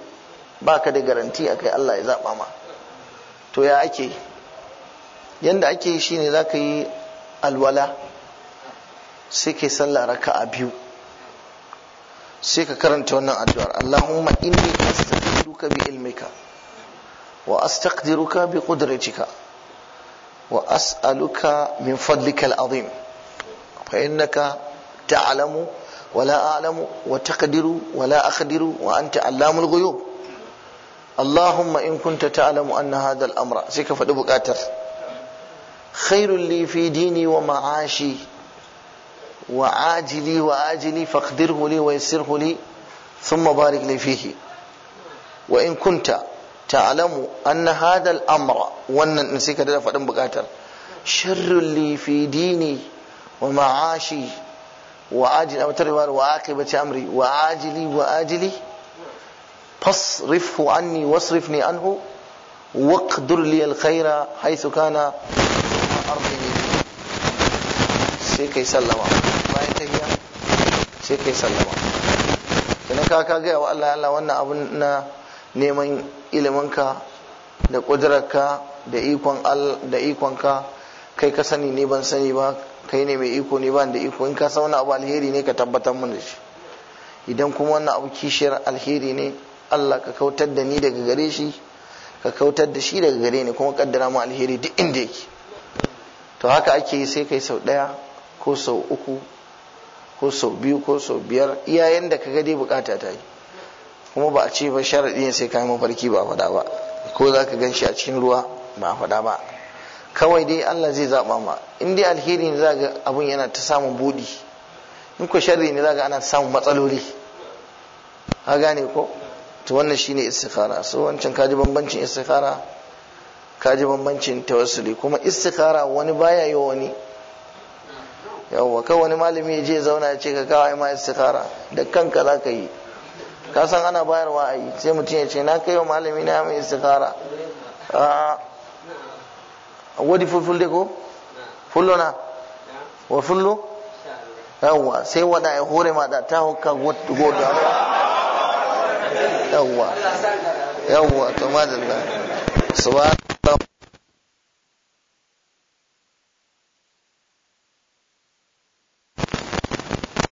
[SPEAKER 1] ba ka da garanti a kai Allah ya zaba ma to ya ake yanda ake shine za ka yi alwala sai ke sallah raka'a biyu sai ka karanta wannan addu'ar Allahumma inni astaghfiruka bi ilmika wa astaqdiruka bi qudratika wa as'aluka min fadlika al'azim fa innaka ta'lamu wa la a'lamu wa taqdiru wa la aqdiru wa anta allamul ghuyub Allahumma in kunta ta'lamu anna hadha amra sai ka faɗi buƙatar khairul li fi dini wa ma'ashi وعاجلي وآجلي فاقدره لي ويسره لي ثم بارك لي فيه وإن كنت تعلم أن هذا الأمر وأن نسيك هذا فأدم بقاتل شر لي في ديني ومعاشي وعاجل أو تروار وعاقبة أمري وعاجلي وآجلي فاصرفه عني واصرفني عنه واقدر لي الخير حيث كان أرضي sai kai sallama bayan biya sai kai sallama kenan ka ka gaya wa Allah Allah wannan abun na neman iliminka da ƙudurarka da ikon da ikonka kai ka sani ne ban sani ba kai ne mai iko ne ban da iko in ka san wani abu alheri ne ka tabbatar mun da shi idan kuma wannan abu kishiyar alheri ne Allah ka kautar da ni daga gare shi ka kautar da shi daga gare ni kuma kaddara mu alheri duk inda yake to haka ake yi sai kai sau ɗaya ko sau uku ko sau biyu ko sau biyar iyayen da kaga dai bukata ta yi kuma ba a ce ba sharaɗi sai kayan mafarki ba faɗa ba ko za ka gan shi a cikin ruwa ba faɗa ba kawai dai Allah zai zaɓa ma in dai alheri ne za ga abun yana ta samun buɗi in ko sharri ne za ga ana samun matsaloli ka gane ko to wannan shine istikhara so wancan kaji bambancin istikhara kaji bambancin tawassuli kuma istikhara wani baya yi wani yawwa kai wani malami je zauna ya ce ka kawo ma istikhara da kanka za ka yi ka san ana bayarwa a yi sai mutum ya ce na kai wa malami na mai istikhara a wadi fulful da ko fullo na wa fullo yawwa sai wada ya hore ma da ta hukka goda yawwa yawwa to madalla subhanahu